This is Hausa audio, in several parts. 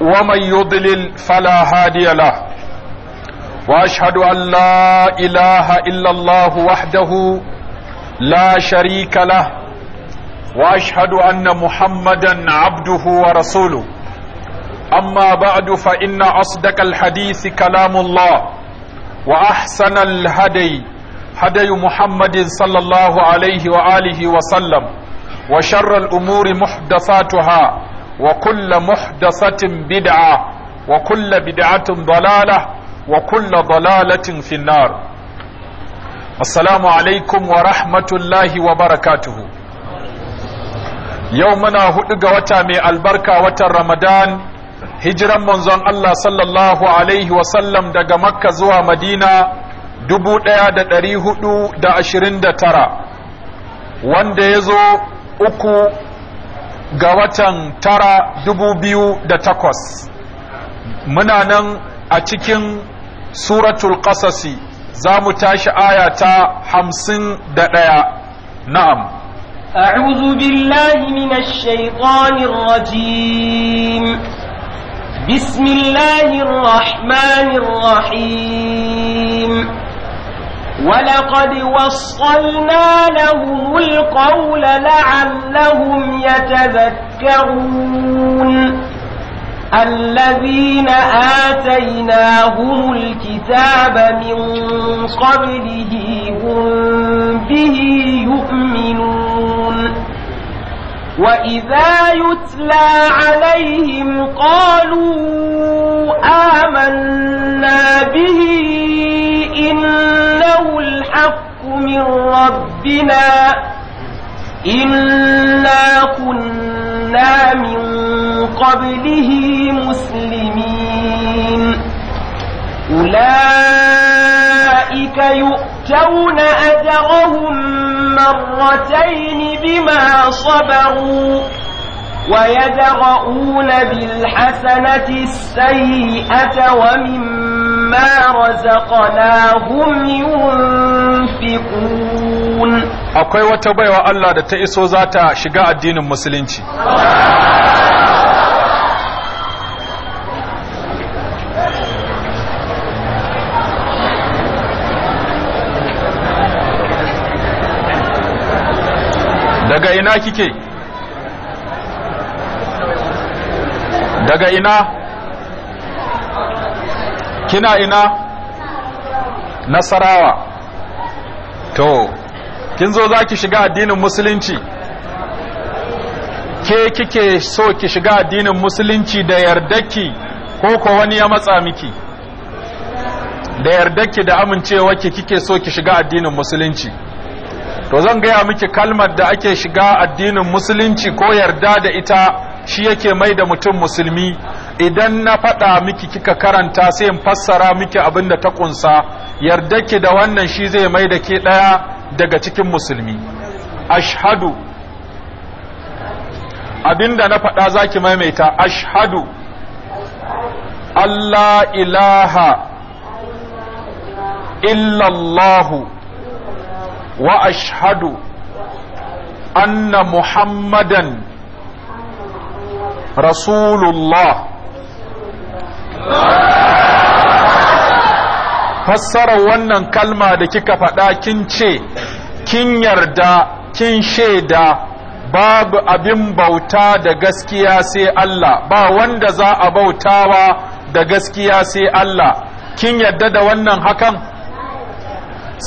ومن يضلل فلا هادي له واشهد ان لا اله الا الله وحده لا شريك له واشهد ان محمدا عبده ورسوله اما بعد فان اصدق الحديث كلام الله واحسن الهدي هدي محمد صلى الله عليه واله وسلم وشر الامور محدثاتها وكل محدثة بدعة وكل بدعة ضلالة وكل ضلالة في النار السلام عليكم ورحمة الله وبركاته يومنا هدق وتامي البركة وتر رمضان هجرا منزون الله صلى الله عليه وسلم دق مكة زوى مدينة دبو ديا دا دريه دا عشرين دا ترى وان ديزو uku ga watan tara dubu biyu da takwas muna nan a cikin suratul ƙasasi za mu tashi aya ta hamsin da ɗaya na'am أعوذ بالله من الشيطان الرجيم بسم الله ولقد وصلنا لهم القول لعلهم يتذكرون الذين آتيناهم الكتاب من قبله هم به يؤمنون وإذا يتلى عليهم قالوا آمنا به إنه الحق من ربنا إنا كنا من قبله مسلمين أولئك يؤتون أجرهم مرتين بما صبروا ويدرؤون بالحسنة السيئة ومما مما رزقناهم ينفقون akwai wata baiwa Allah da ta iso za ta shiga addinin musulunci daga ina kike daga ina kina ina nasarawa to kin zo za ki shiga addinin musulunci ke kike so ki shiga addinin musulunci da yardaki ko ko wani ya matsa miki da yardaki da amincewa ki kike so ki shiga addinin musulunci to zan gaya miki kalmar da ake shiga addinin musulunci ko yarda da ita shi yake mai da mutum musulmi idan na faɗa miki kika karanta sai in fassara miki abin da ta kunsa yarda ki da wannan shi zai mai da ke ɗaya daga cikin musulmi ashhadu abinda na faɗa zaki maimaita ashhadu Allah ilaha illallahu wa ashhadu anna muhammadan rasulullah fassarar wannan kalma da kika faɗa kin ce kin yarda kin shaida babu abin bauta da gaskiya sai Allah ba wanda za a bautawa da gaskiya sai Allah kin yarda da wannan hakan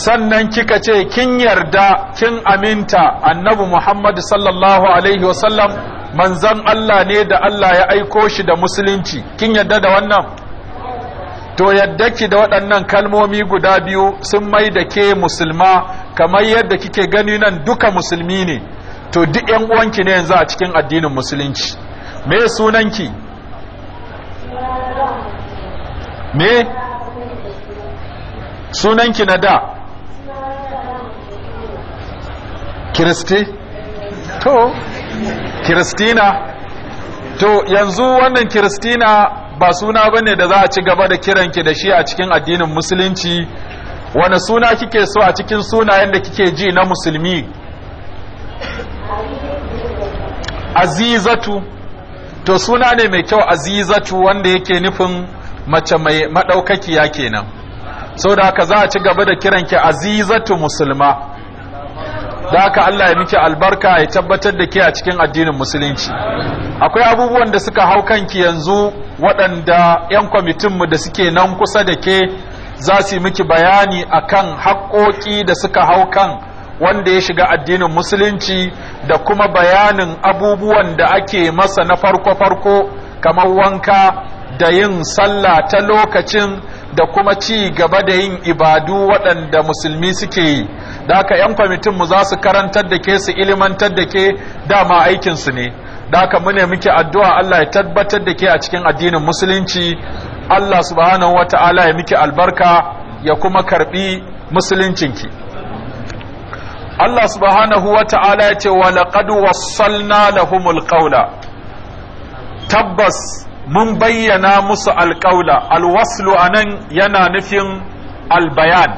sannan kika ce kin yarda kin aminta annabi Muhammad sallallahu alaihi wasallam manzon Allah ne da Allah ya aiko shi da musulunci kin yarda da wannan to yadda ki da waɗannan kalmomi guda biyu sun mai da ke musulma kamar yadda kike gani nan duka musulmi ne to duk yan uwanki ne yanzu a cikin addinin musulunci me sunanki me sunanki na da kiristi to kiristina to yanzu wannan kiristina ba suna bane da za a ci gaba da kiranki da shi a cikin addinin musulunci wani suna kike so a cikin sunayen da kike ji na musulmi azizatu to suna ne mai kyau azizatu wanda yake nufin mace mai madaukakiya kenan saboda haka za a ci gaba da kiranki azizatu musulma da haka Allah ya miki albarka ya tabbatar da ke a cikin addinin musulunci akwai abubuwan da suka hau kanki yanzu waɗanda 'yan kwamitinmu da suke nan kusa da ke za su yi miki bayani a kan haƙoƙi da suka hau kan wanda ya shiga addinin musulunci da kuma bayanin abubuwan da ake masa na farko-farko kamar wanka da yin sallah ta lokacin da kuma ci gaba da yin ibadu waɗanda musulmi suke yi da aka 'yan kwamitin mu za su karantar da ke su ilimantar da ke dama aikinsu ne da aka mune muke addu'a Allah ya tabbatar da ke a cikin addinin musulunci Allah subhanahu ta'ala ya muke albarka ya kuma karbi musuluncinki Allah subhanahu ta'ala ya ce wa laqad wassalna lahumul qawla tabbas mun bayyana musu alƙaula alwaslu anan yana nufin albayan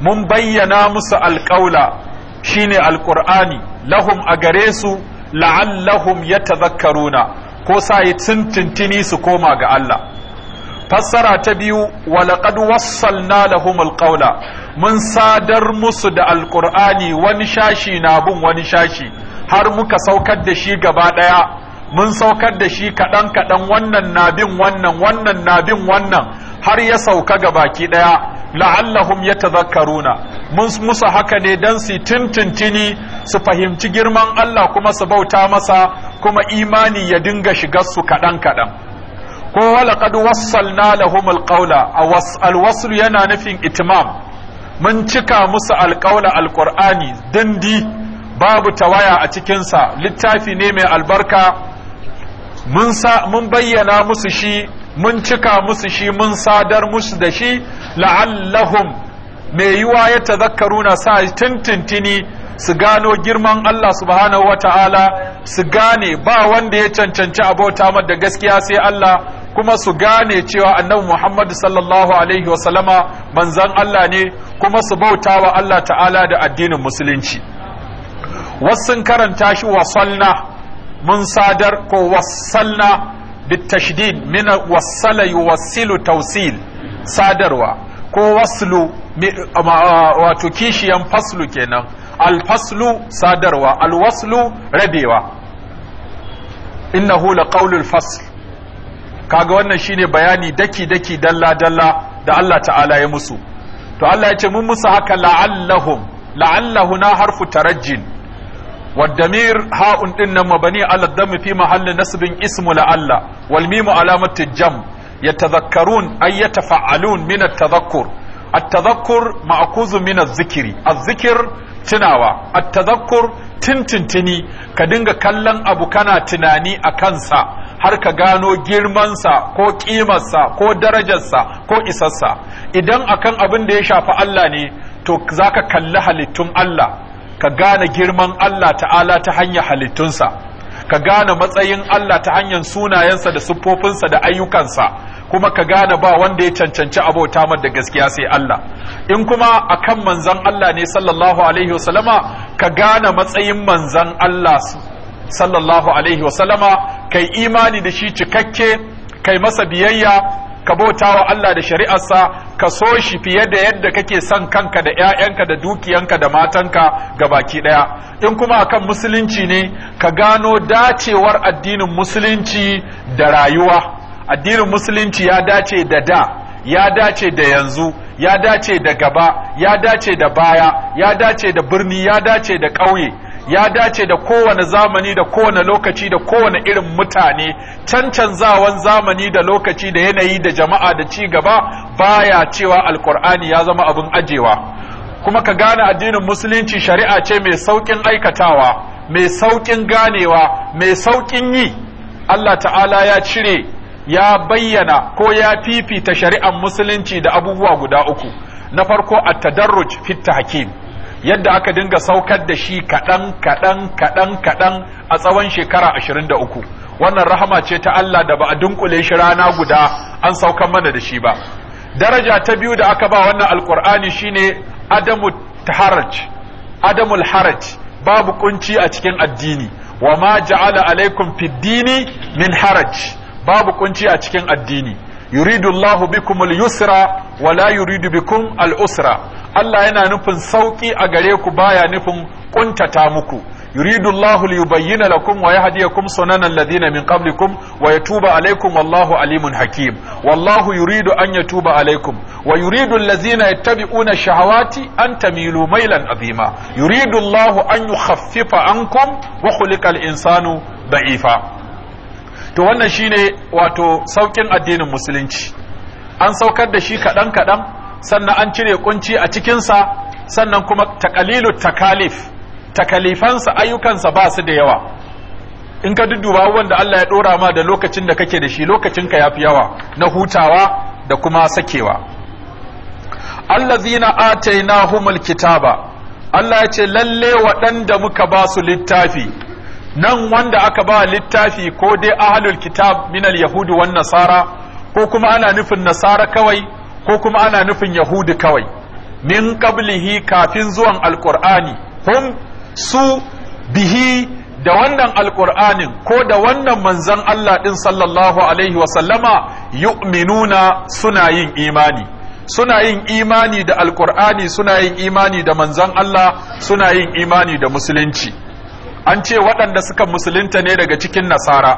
mun bayyana musu alƙaula shine alƙur'ani lahum a gare su la'allahum ya na?" ko sa yi tuntuntuni su koma ga Allah fassara ta biyu walaƙad wassalna lahum alƙaula mun sadar musu da alƙur'ani wani shashi na bin wani shashi har muka saukar da shi gaba ɗaya mun saukar da shi kaɗan kaɗan wannan nabin wannan wannan nabin wannan har ya sauka ga baki ɗaya la'allahum yatazakkaruna mun musu haka ne dan su tintintini su fahimci girman Allah kuma su bauta masa kuma imani ya dinga shigar su kaɗan kaɗan ko walaqad wassalna lahum alqawla alwasl yana nufin itimam mun cika musu alqawla alqur'ani dindi babu tawaya a cikinsa littafi ne mai albarka mun sa mun bayyana musu shi mun cika musu shi mun sadar musu da shi la'allahum mai yiwa ya na sa tintintini su gano girman Allah subhanahu ta'ala su gane ba wanda ya cancanci abota da gaskiya sai Allah kuma su gane cewa annabi Muhammad sallallahu alaihi wasallama manzan Allah ne kuma su bauta wa Allah ta'ala da addinin musulunci wasu karanta shi wa sallah mun sadar ko wasalna bitashdid min wasala yuwassilu tawsil sadarwa ko waslu wato kishiyan faslu kenan alfaslu sadarwa alwaslu rabewa innahu laqawlul fasl kaga wannan shine bayani daki daki dalla dalla da Allah ta'ala ya musu to Allah ya ce mun musu haka la'allahum la'allahu na harfu tarajjin والدمير هاء إن مبني على الدم في محل نسب اسم لعل والميم علامة الجم يتذكرون أي يتفعلون من التذكر التذكر مأخوذ من الذكر الذكر تناوى التذكر تنتنتني كدنغ كلن أبو كان تناني أكنسا har ka gano girmansa ko ƙimarsa ko darajarsa ko isarsa idan akan abin da ya shafi Allah ne to za ka kalli halittun Allah ka gane girman Allah ta'ala ta hanyar halittunsa ka gane matsayin Allah ta hanyar sunayensa da siffofinsa da ayyukansa kuma ka gane ba wanda ya cancanci abota mar da gaskiya sai Allah in kuma akan manzan Allah ne sallallahu alaihi wasallama ka gane matsayin manzan Allah sallallahu alaihi wasallama kai imani da shi cikakke kai masa biyayya ka bauta wa Allah da shari'arsa ka so shi fiye da yadda kake son kanka da 'ya'yanka da dukiyanka da matanka ga baki ɗaya in kuma akan musulunci ne ka gano dacewar addinin musulunci da rayuwa addinin musulunci ya dace da da ya dace da yanzu ya dace da gaba ya dace da baya ya dace da birni ya dace da ƙauye ya dace da kowane zamani da kowane lokaci da kowane irin mutane cancanzawan zamani da lokaci da yanayi da jama'a da ci gaba baya cewa alkur'ani ya zama abin ajewa kuma ka gane addinin musulunci shari'a ce mai sauƙin aikatawa mai sauƙin ganewa mai sauƙin yi Allah ta'ala ya cire ya bayyana ko ya fifita shari'ar musulunci da abubuwa guda uku na farko at-tadarruj fit tahkim yadda aka dinga saukar da shi kaɗan kaɗan kaɗan kaɗan a tsawon shekara ashirin da uku wannan rahama ce ta Allah da ba a dunkule shi rana guda an saukar mana da shi ba daraja ta biyu da aka ba wannan alkur'ani shine adamu haraj adamul haraj babu kunci a cikin addini wa ma ja'ala alaikum fid dini min haraj babu kunci a cikin addini yuridu Allah bikum al-yusra wa la yuridu bikum al-usra Allah yana nufin sauki a gare ku baya nufin kuntata muku yuridu Allah liyubayyana lakum wa yahdiyakum sunanan Ladina min qablikum wa yatuba alaykum wallahu alimun hakim wallahu yuridu an yatuba alaykum wa yuridu alladhina yattabi'una shahawati an tamilu maylan azima yuridu Allah an yukhaffifa ankum wa khuliqa insanu da'ifa to wannan shine wato saukin addinin musulunci an saukar da shi kaɗan kaɗan sannan an cire kunci a cikinsa sannan kuma takalilu takalif takalifansa ayyukansa ba su da yawa in ka dudduba wanda Allah ya ɗora ma da lokacin da kake da shi lokacinka yafi yawa na hutawa da kuma sakewa allazina atainahumul kitaba Allah ya ce lalle waɗanda muka ba su littafi nan wanda aka ba littafi ko dai ahlul kitab minal yahudi wan nasara ko kuma ana nufin nasara kawai ko kuma ana nufin yahudi kawai min qablihi kafin zuwan alqur'ani hum su bihi da wannan alqur'anin ko da wannan manzon Allah din sallallahu alaihi wa sallama yu'minuna suna yin imani suna yin imani da alqur'ani suna yin imani da manzon Allah suna yin imani da musulunci an ce waɗanda suka musulunta ne daga cikin nasara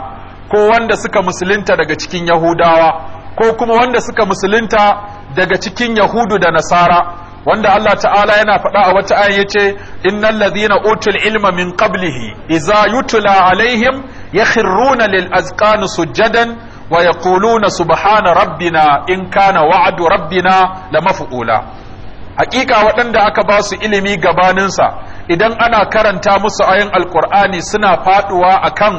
ko wanda suka musulunta daga cikin yahudawa ko kuma wanda suka musulunta daga cikin yahudu da nasara wanda Allah ta'ala yana faɗa a wata ayin yace innal ladhina utul ilma min qablihi idza yutla alaihim yakhruna lil azqan sujadan wa yaquluna subhana rabbina in kana wa'du rabbina lamaf'ula hakika waɗanda aka ba su ilimi gabaninsa idan ana karanta musu ayin alkur'ani suna a akan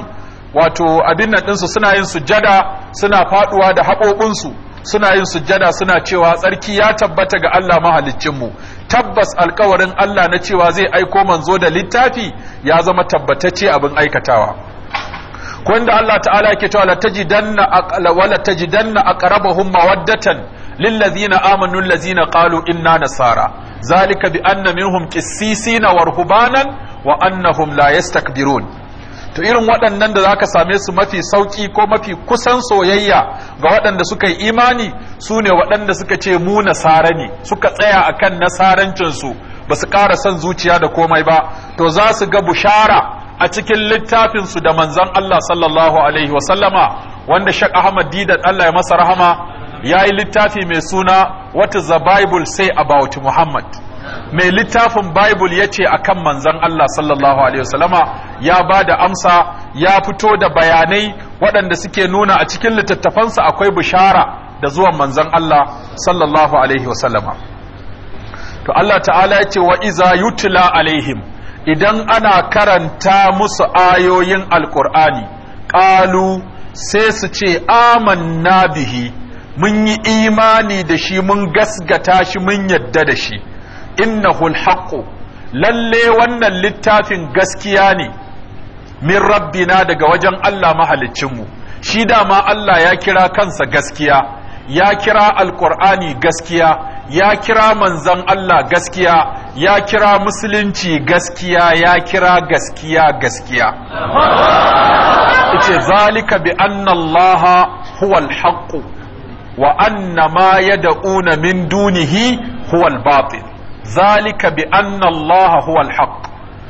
wato abin nan ɗinsu suna yin sujada suna faɗuwa da haƙoƙinsu suna yin sujada suna cewa tsarki ya tabbata ga Allah mahaliccinmu tabbas alkawarin Allah na cewa zai aiko manzo da littafi ya zama tabbatacce abin aikatawa ko inda Allah ta'ala yake cewa la tajidanna wala tajidanna aqrabahum mawaddatan للذين آمنوا الذين قالوا إنا نصارى ذلك بأن منهم قسيسين ورهبانا وأنهم لا يستكبرون to irin waɗannan da zaka same su mafi sauƙi ko mafi kusan soyayya ga waɗanda suka yi imani su ne waɗanda suka ce mu nasara ne suka tsaya akan nasarancinsu ba su ƙara son zuciya da komai ba to za su ga bushara a cikin littafinsu da manzon Allah sallallahu alaihi wasallama wanda Sheikh Ahmad Didat Allah ya masa rahama ya yi littafi mai suna what is the bible say about muhammad mai littafin bible ya ce akan manzan allah sallallahu alaihi wasallama ya ba da amsa ya fito da bayanai waɗanda suke nuna a cikin littattafansa akwai bishara da zuwan manzan allah sallallahu alaihi wasallama to allah ta'ala ya ce wa iza yutla alaihim idan ana karanta musu ayoyin alkur'ani ƙalu sai su ce amanna bihi mun yi imani da shi mun gasgata shi mun yadda da shi innahul haƙƙu. lalle wannan littafin gaskiya ne min rabbina daga wajen Allah mahalicinmu shi dama Allah ya kira kansa gaskiya ya kira alkur'ani gaskiya ya kira manzan Allah gaskiya ya kira musulunci gaskiya ya kira gaskiya gaskiya ce zalika bi anna huwal haqqu wa anna ma yad'una min dunihi huwa al-batil zalika bi anna Allah haq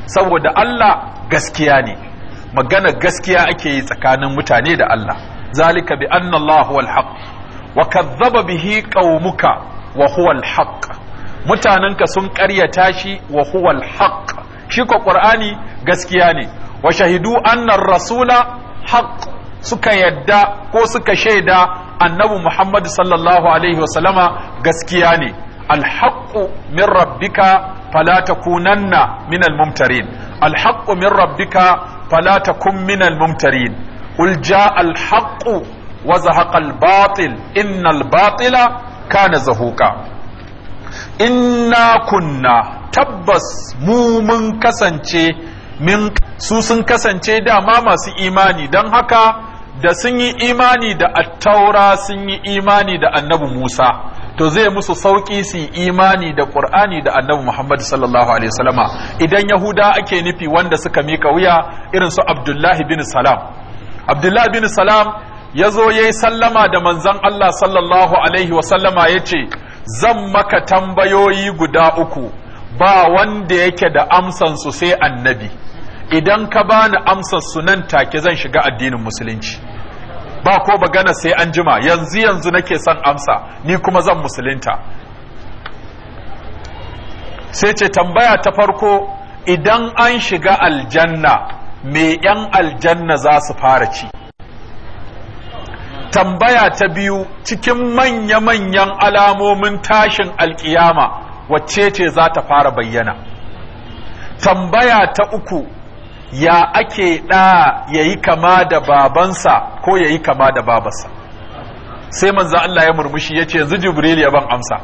saboda Allah gaskiya ne Maganar gaskiya ake yi tsakanin mutane da Allah zalika bi anna Allah huwa haq wa kadhaba bihi qaumuka wa huwa al-haq mutananka sun ƙaryata shi wa huwa al-haq shi ko gaskiya ne wa shahidu annar rasula haqq suka yadda ko suka shaida annabi Muhammad sallallahu alaihi wasallama gaskiya ne alhaqqu min rabbika fala takunanna min almumtarin alhaqqu min rabbika fala takun min almumtarin qul jaa alhaqqu wa zahaqa albatil innal batila kana zahuka inna kunna tabbas mu mun kasance min su sun kasance dama masu imani don haka da sun yi imani da attaura sun yi imani da annabi Musa to zai musu sauƙi su yi imani da ƙur'ani da annabi Muhammad sallallahu alaihi wasallama idan Yahuda ake nufi wanda suka mika wuya irin su Abdullahi bin Salam Abdullahi bin Salam ya zo ya yi sallama da manzon Allah sallallahu alaihi wasallama ya ce zan maka tambayoyi guda uku ba wanda yake da amsansu sai annabi idan ka bani amsar su nan take zan shiga addinin musulunci ba ko bagana sai an jima yanzu yanzu nake son amsa ni kuma zan musulunta sai ce tambaya ta farko idan an shiga aljanna me yan aljanna za su fara ci tambaya ta biyu cikin manya-manyan alamomin tashin alkiyama wacce ce za ta fara bayyana tambaya ta uku ya ake ɗa ya yi kama da babansa ko ya yi kama da babarsa sai manzo Allah ya murmushi ya ce yanzu jibril ya ban amsa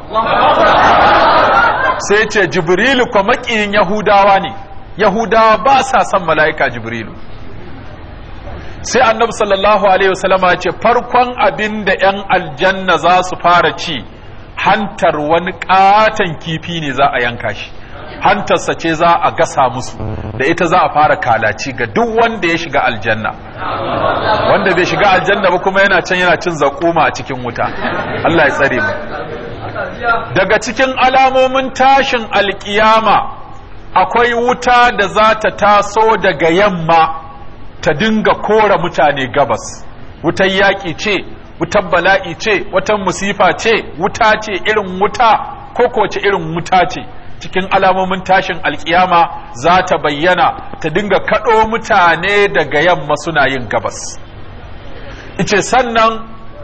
sai ce Jibril ko makiyin yahudawa ne yahudawa ba sa son mala'ika jibrilu sai annabi sallallahu alaihi wasallama ce farkon abin da 'yan aljanna za su fara ci hantar wani katon kifi ne za a yanka shi hantarsa ce za a gasa musu da ita za a fara kalaci ga duk wanda ya shiga aljanna wanda bai shiga aljanna ba kuma yana can yana cin zakuma a cikin wuta Allah ya tsare mu daga cikin alamomin tashin alkiyama akwai wuta da za ta taso daga yamma ta dinga kora mutane gabas wutar yaƙi ce wutar bala'i ce wutan musifa ce wuta ce irin wuta ko kowace irin wuta ce cikin alamomin tashin alkiyama za ta bayyana ta dinga kaɗo mutane daga yamma suna yin gabas ice sannan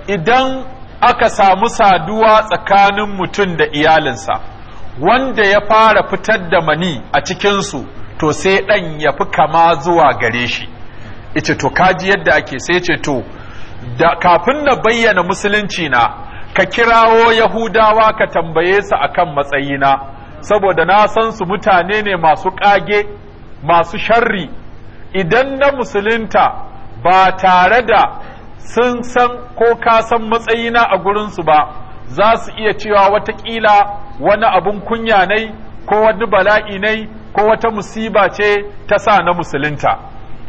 idan aka samu saduwa tsakanin mutum da iyalinsa wanda ya fara fitar da mani a cikinsu to sai ɗan ya fi kama zuwa gare shi ice to kaji yadda ake sai ce to da kafin na bayyana musulunci na ka kirawo yahudawa ka tambaye su akan matsayina saboda na san su mutane ne masu ƙage masu sharri idan na musulunta ba tare da sun san ko ka san matsayina a gurinsu ba za su iya cewa watakila wani abun kunya ne ko wani bala'i ne ko wata musiba ce ta sa na musulunta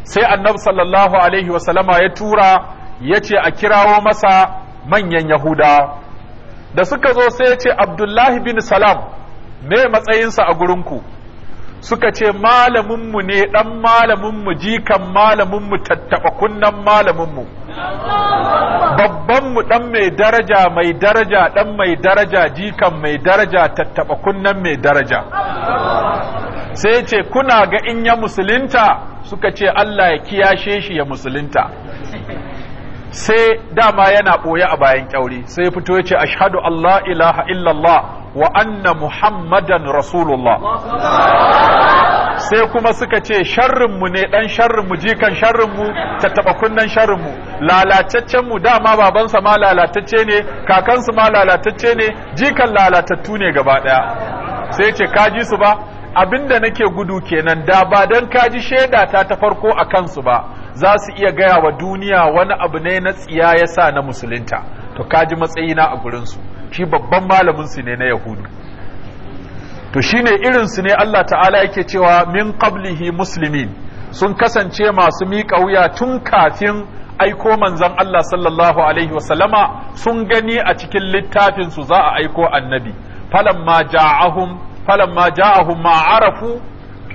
sai annabi sallallahu alaihi wasallama ya tura ya ce a kirawo masa manyan yahuda da suka zo sai ya ce abdullahi bin salam me matsayinsa a gurinku suka ce malaminmu ne ɗan malaminmu jikan malaminmu tattaɓa kunnan malaminmu babbanmu ɗan mai daraja mai daraja ɗan mai daraja jikan mai daraja tattaɓa kunnan mai daraja sai ce kuna ga in ya musulunta suka ce Allah ya kiyashe shi ya musulunta sai dama yana ɓoye a bayan kyauri sai fito ya ce ashadu Allah ilaha illallah wa anna muhammadan rasulullah sai kuma suka ce sharrinmu ne ɗan sharrinmu jikan sharrinmu taɓa kunnen sharrinmu mu dama babansa ma lalatacce ne kakansu ma lalatacce ne jikan lalatattu ne gaba ɗaya sai ce kaji su ba abinda nake gudu kenan da ba don kaji shaida ta ta farko a kansu ba za su iya gaya wa duniya wani abu ne na tsiya ya sa na musulunta to kaji matsayina a gurinsu shi babban malaminsu ne na yahudu to shi ne irinsu ne Allah ta'ala yake cewa min qablihi muslimin sun kasance masu miƙa wuya tun kafin aiko manzon Allah sallallahu alaihi wasallama sun gani a cikin littafinsu za a aiko annabi falamma ja'ahum falamma ja'ahum ma arafu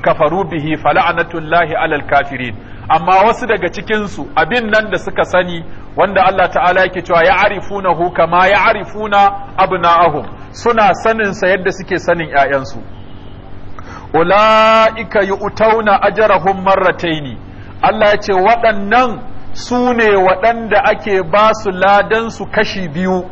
kafaru bihi fala'natullahi alal kafirin amma wasu daga cikinsu abin nan da suka sani wanda Allah ta'ala yake cewa ya arifuna hu kama ya arifuna ahu, suna sanin sa yadda suke sanin ‘ya'yansu ula'ika yi utauna ajarahun marrataini Allah ya ce waɗannan su ne waɗanda ake ba su ladansu kashi biyu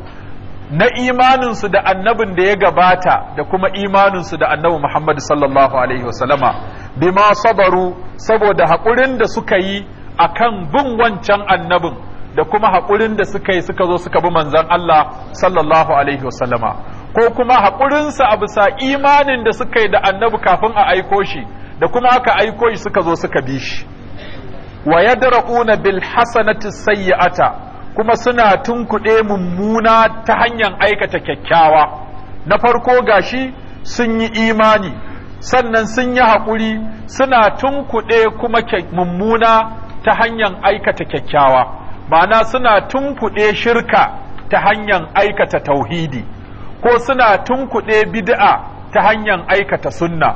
na imaninsu da annabin da ya gabata da kuma imaninsu da annabi Muhammad sallallahu alaihi wasallama bima sabaru saboda haƙurin da suka yi a kan bin wancan annabin da kuma haƙurin da suka yi suka zo suka bi manzon Allah sallallahu alaihi wasallama ko kuma haƙurinsa a bisa imanin da suka yi da annabi kafin a aiko shi da kuma aka aiko shi suka zo suka bi shi wa yadra'una bil hasanati sayyi'ata kuma suna tunkuɗe mummuna ta hanyar aikata kyakkyawa na farko gashi sun yi imani sannan sun yi haƙuri suna tunkuɗe kuma mummuna ta hanyar aikata kyakkyawa ma'ana suna tunkuɗe shirka ta hanyar aikata tauhidi ko suna tunkuɗe bid'a ta hanyar aikata sunna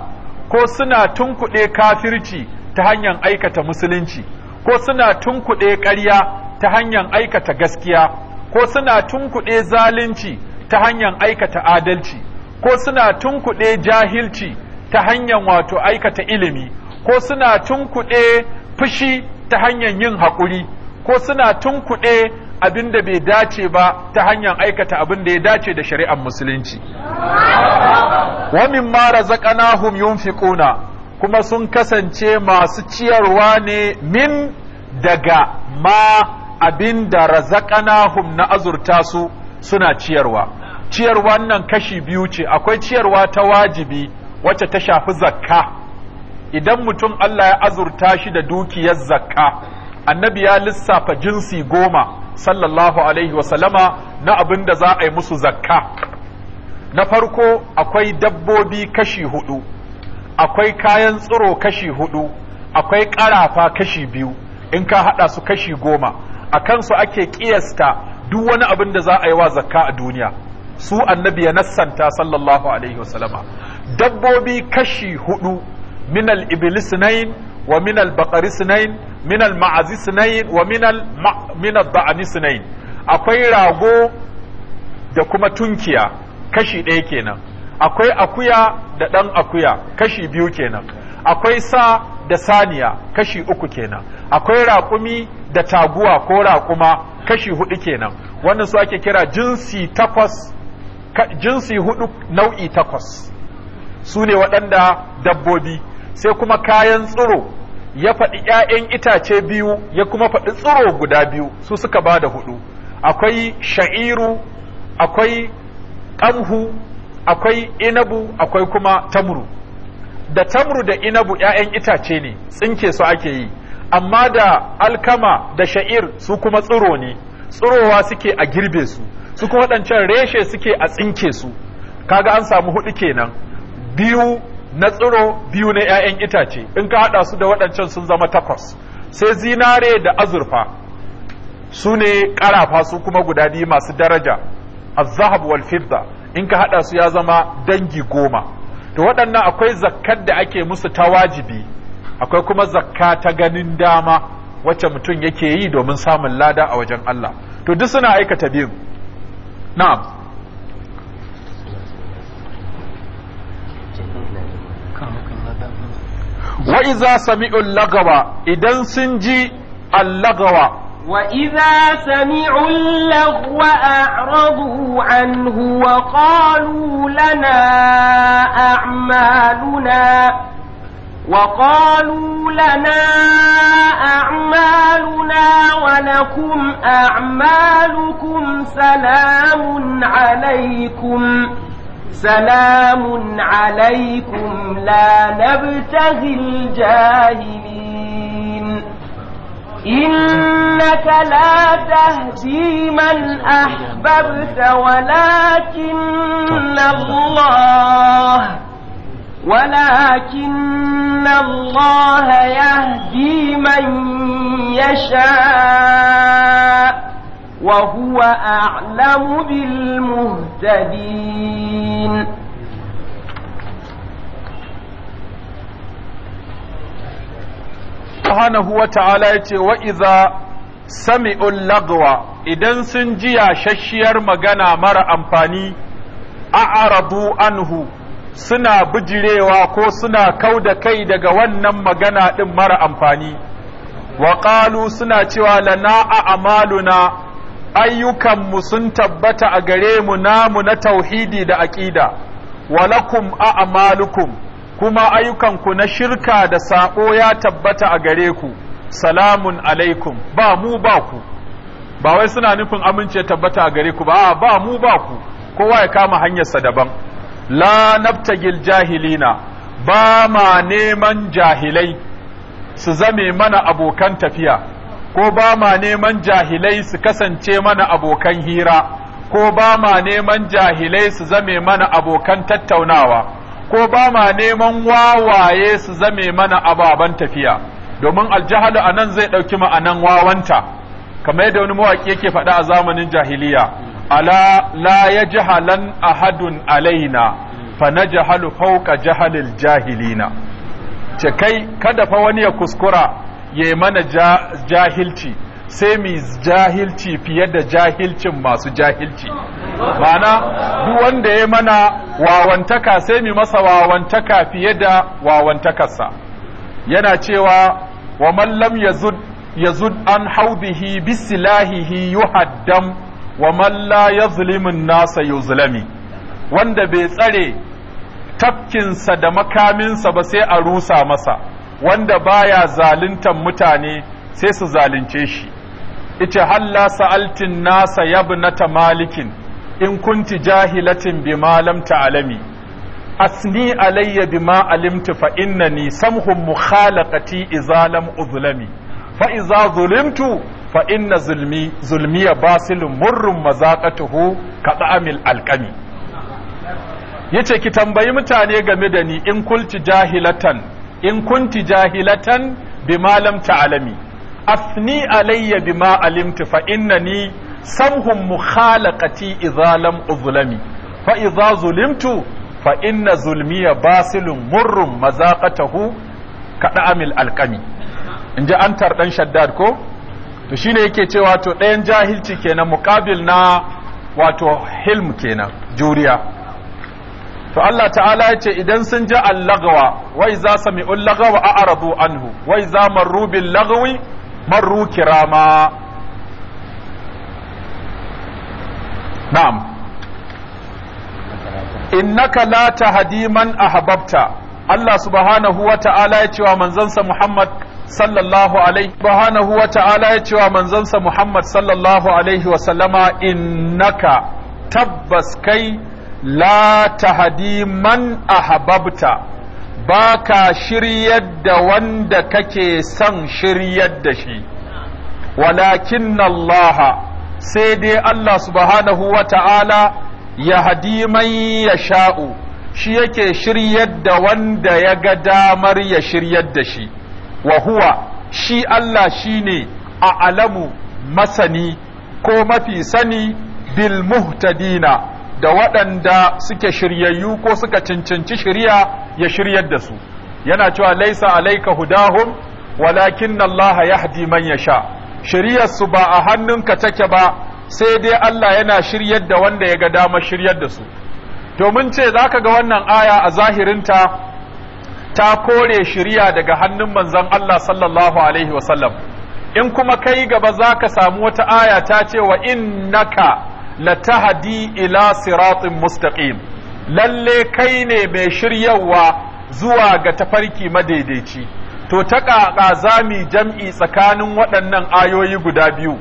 ko suna tunkuɗe kafirci ta hanyar aikata musulunci ko suna tunkuɗe ƙarya ta hanyar aikata gaskiya ko suna tunkuɗe zalunci ta hanyar aikata adalci ko suna tunkuɗe jahilci ta hanyar wato aikata ilimi ko suna tunkuɗe fushi ta hanyar yin haƙuri ko suna tunkuɗe abin da bai dace ba ta hanyar aikata abin da ya dace da shari'ar musulunci wa mimma razaqnahum yunfiquna kuma sun kasance masu ciyarwa ne min daga ma abin da razaqanahum na azurta su suna ciyarwa ciyarwa nan kashi biyu ce akwai ciyarwa ta wajibi wacce ta shafi zakka idan mutum Allah ya azurta shi da dukiyar zakka annabi ya lissafa jinsi goma sallallahu alaihi wasallama na abin da za a yi musu zakka na farko akwai dabbobi kashi hudu akwai kayan tsiro kashi hudu akwai ƙarafa kashi biyu in ka haɗa su kashi goma a kansu ake kiyasta duk wani abin da za a yi wa zakka a duniya su annabi ya nassanta sallallahu alaihi wasallama dabbobi kashi hudu minal iblis nain wa minal baqari minal ma'azi nain wa minal minal ba'ani nain akwai rago da kuma tunkiya kashi ɗaya kenan akwai akuya da ɗan akuya kashi biyu kenan akwai sa da saniya kashi uku kenan akwai raƙumi da taguwa ko raƙuma kashi hudu kenan wannan su ake kira jinsi takwas jinsi hudu nau'i takwas su ne waɗanda dabbobi sai kuma kayan tsiro ya faɗi ‘ya'yan itace biyu ya kuma faɗi tsiro guda biyu su suka ba da hudu akwai sha'iru akwai ƙamhu akwai inabu akwai kuma tamuru da tamru da inabu ‘ya'yan itace ne tsinke su ake yi amma da alkama da sha'ir su kuma tsiro ne tsirowa suke a girbe su su kuma waɗancan reshe suke a tsinke su kaga an samu hudu kenan biyu na tsiro biyu na 'ya'yan itace in ka haɗa su da waɗancan sun zama takwas sai zinare da azurfa su ne ƙarafa su kuma guda biyu masu daraja zahab wal fidda in ka haɗa su ya zama dangi goma to waɗannan akwai zakkar da ake musu ta wajibi akwai kuma zakka ta ganin dama wacce mutum yake yi domin samun lada a wajen Allah to duk suna aikata biyu na'am wa iza sami'ul lagawa idan sun ji allagawa وإذا سمعوا اللغو أعرضوا عنه وقالوا لنا أعمالنا وقالوا لنا أعمالنا ولكم أعمالكم سلام عليكم سلام عليكم لا نبتغي الجاهلين إنك لا تهدي من أحببت ولكن الله ولكن الله يهدي من يشاء وهو أعلم بالمهتدين subhanahu wa ta'ala ya ce wa iza sami'ul lagwa idan sun ji yashashiyar magana mara amfani a'arabu anhu suna bijirewa ko suna kau da kai daga wannan magana din mara amfani wa suna cewa lana a'maluna ayyukanmu sun tabbata a gare mu namu na tauhidi da aqida walakum a'malukum kuma ayyukanku na shirka da saɓo ya tabbata a gare ku, salamun alaikum, ba mu ba ku, ba wai suna nufin amince tabbata a gare ku ba, ba mu ba ku, kowa ya kama hanyarsa daban. La naftagil jahilina, ba ma neman jahilai su zame mana abokan tafiya, ko ba ma neman jahilai su kasance mana abokan hira, ko ba ma neman jahilai su zame mana abokan tattaunawa. ko ba ma neman wawaye su zame mana ababan tafiya domin aljahalu a nan zai ɗauki ma'anan wawanta kamar yadda wani mawaƙi yake faɗa a zamanin jahiliya ala la ya jahalan ahadun alaina fa na jahalu fauka jahalil jahilina ce kai kada fa wani ya kuskura ya mana jahilci sai mu jahilci fiye da jahilcin masu jahilci mana duk wanda ya mana wawantaka sai mu masa wawantaka fiye da wawantakarsa yana cewa wa man lam yazud yazud an haudihi bisilahihi yuhaddam wa malla ya zulimin nasa yuzlami wanda bai tsare tafkinsa da makaminsa ba sai a rusa masa wanda baya zaluntan mutane sai su zalunce shi ita halla sa'altin nasa ta malikin in kunti jahilatin alami. lam ta'lami asni alayya bima alimtu fa innani samhum mukhalaqati idza lam uzlami fa idza zulimtu fa inna zulmi zulmiya basilun murrun mazaqatuhu ka ta'amil alqami yace ki tambayi mutane game da ni in kulti jahilatan in kunti jahilatan malam lam ta'lami afni alayyabi bima alimtu fa innani samhum mukhalaqati idza lam uzlami fa idza zulimtu fa inna zulmiya basilun murrun mazaqatahu kada'amil alqami inji antar ɗan shaddad ko to shine yake cewa to ɗayan jahilci kenan muqabil na wato hilm kenan juriya to Allah ta'ala ya ce idan sun ji allagawa wai za sami'ul lagawa a'radu anhu wai za rubin bil lagawi marru kirama na'am innaka la tahdi man ahbabta Allah subhanahu wa ta'ala ya cewa wa ta'ala ya Muhammad sallallahu alaihi wa sallama innaka tabbas kai la tahdi man ahbabta ba ka shiryar da wanda kake son shiryar da shi walakin Allah sai dai Allah subhanahu wa ya hadi mai ya sha'u shi yake shiryar da wanda ya ga damar ya shiryar da shi wa huwa shi Allah shi ne a alamu masani ko mafi sani bil muhtadina da waɗanda suke shiryayyu ko suka cancanci shirya ya shiryar da su yana cewa laisa alaika hudahum walakin Allah yahdi man sha. shiryar su ba a hannunka take ba sai dai Allah yana shiryar da wanda ya ga dama shiryar da su to mun ce ka ga wannan aya a zahirinta ta kore shirya daga hannun manzon Allah sallallahu alaihi wasallam in kuma kai gaba za ka samu wata aya ta ce wa naka. latahdi ila siratin mustaqim lalle kai ne mai shiryawa zuwa ga tafarki madaidaici to ta ƙaƙa zami jam'i tsakanin waɗannan ayoyi guda biyu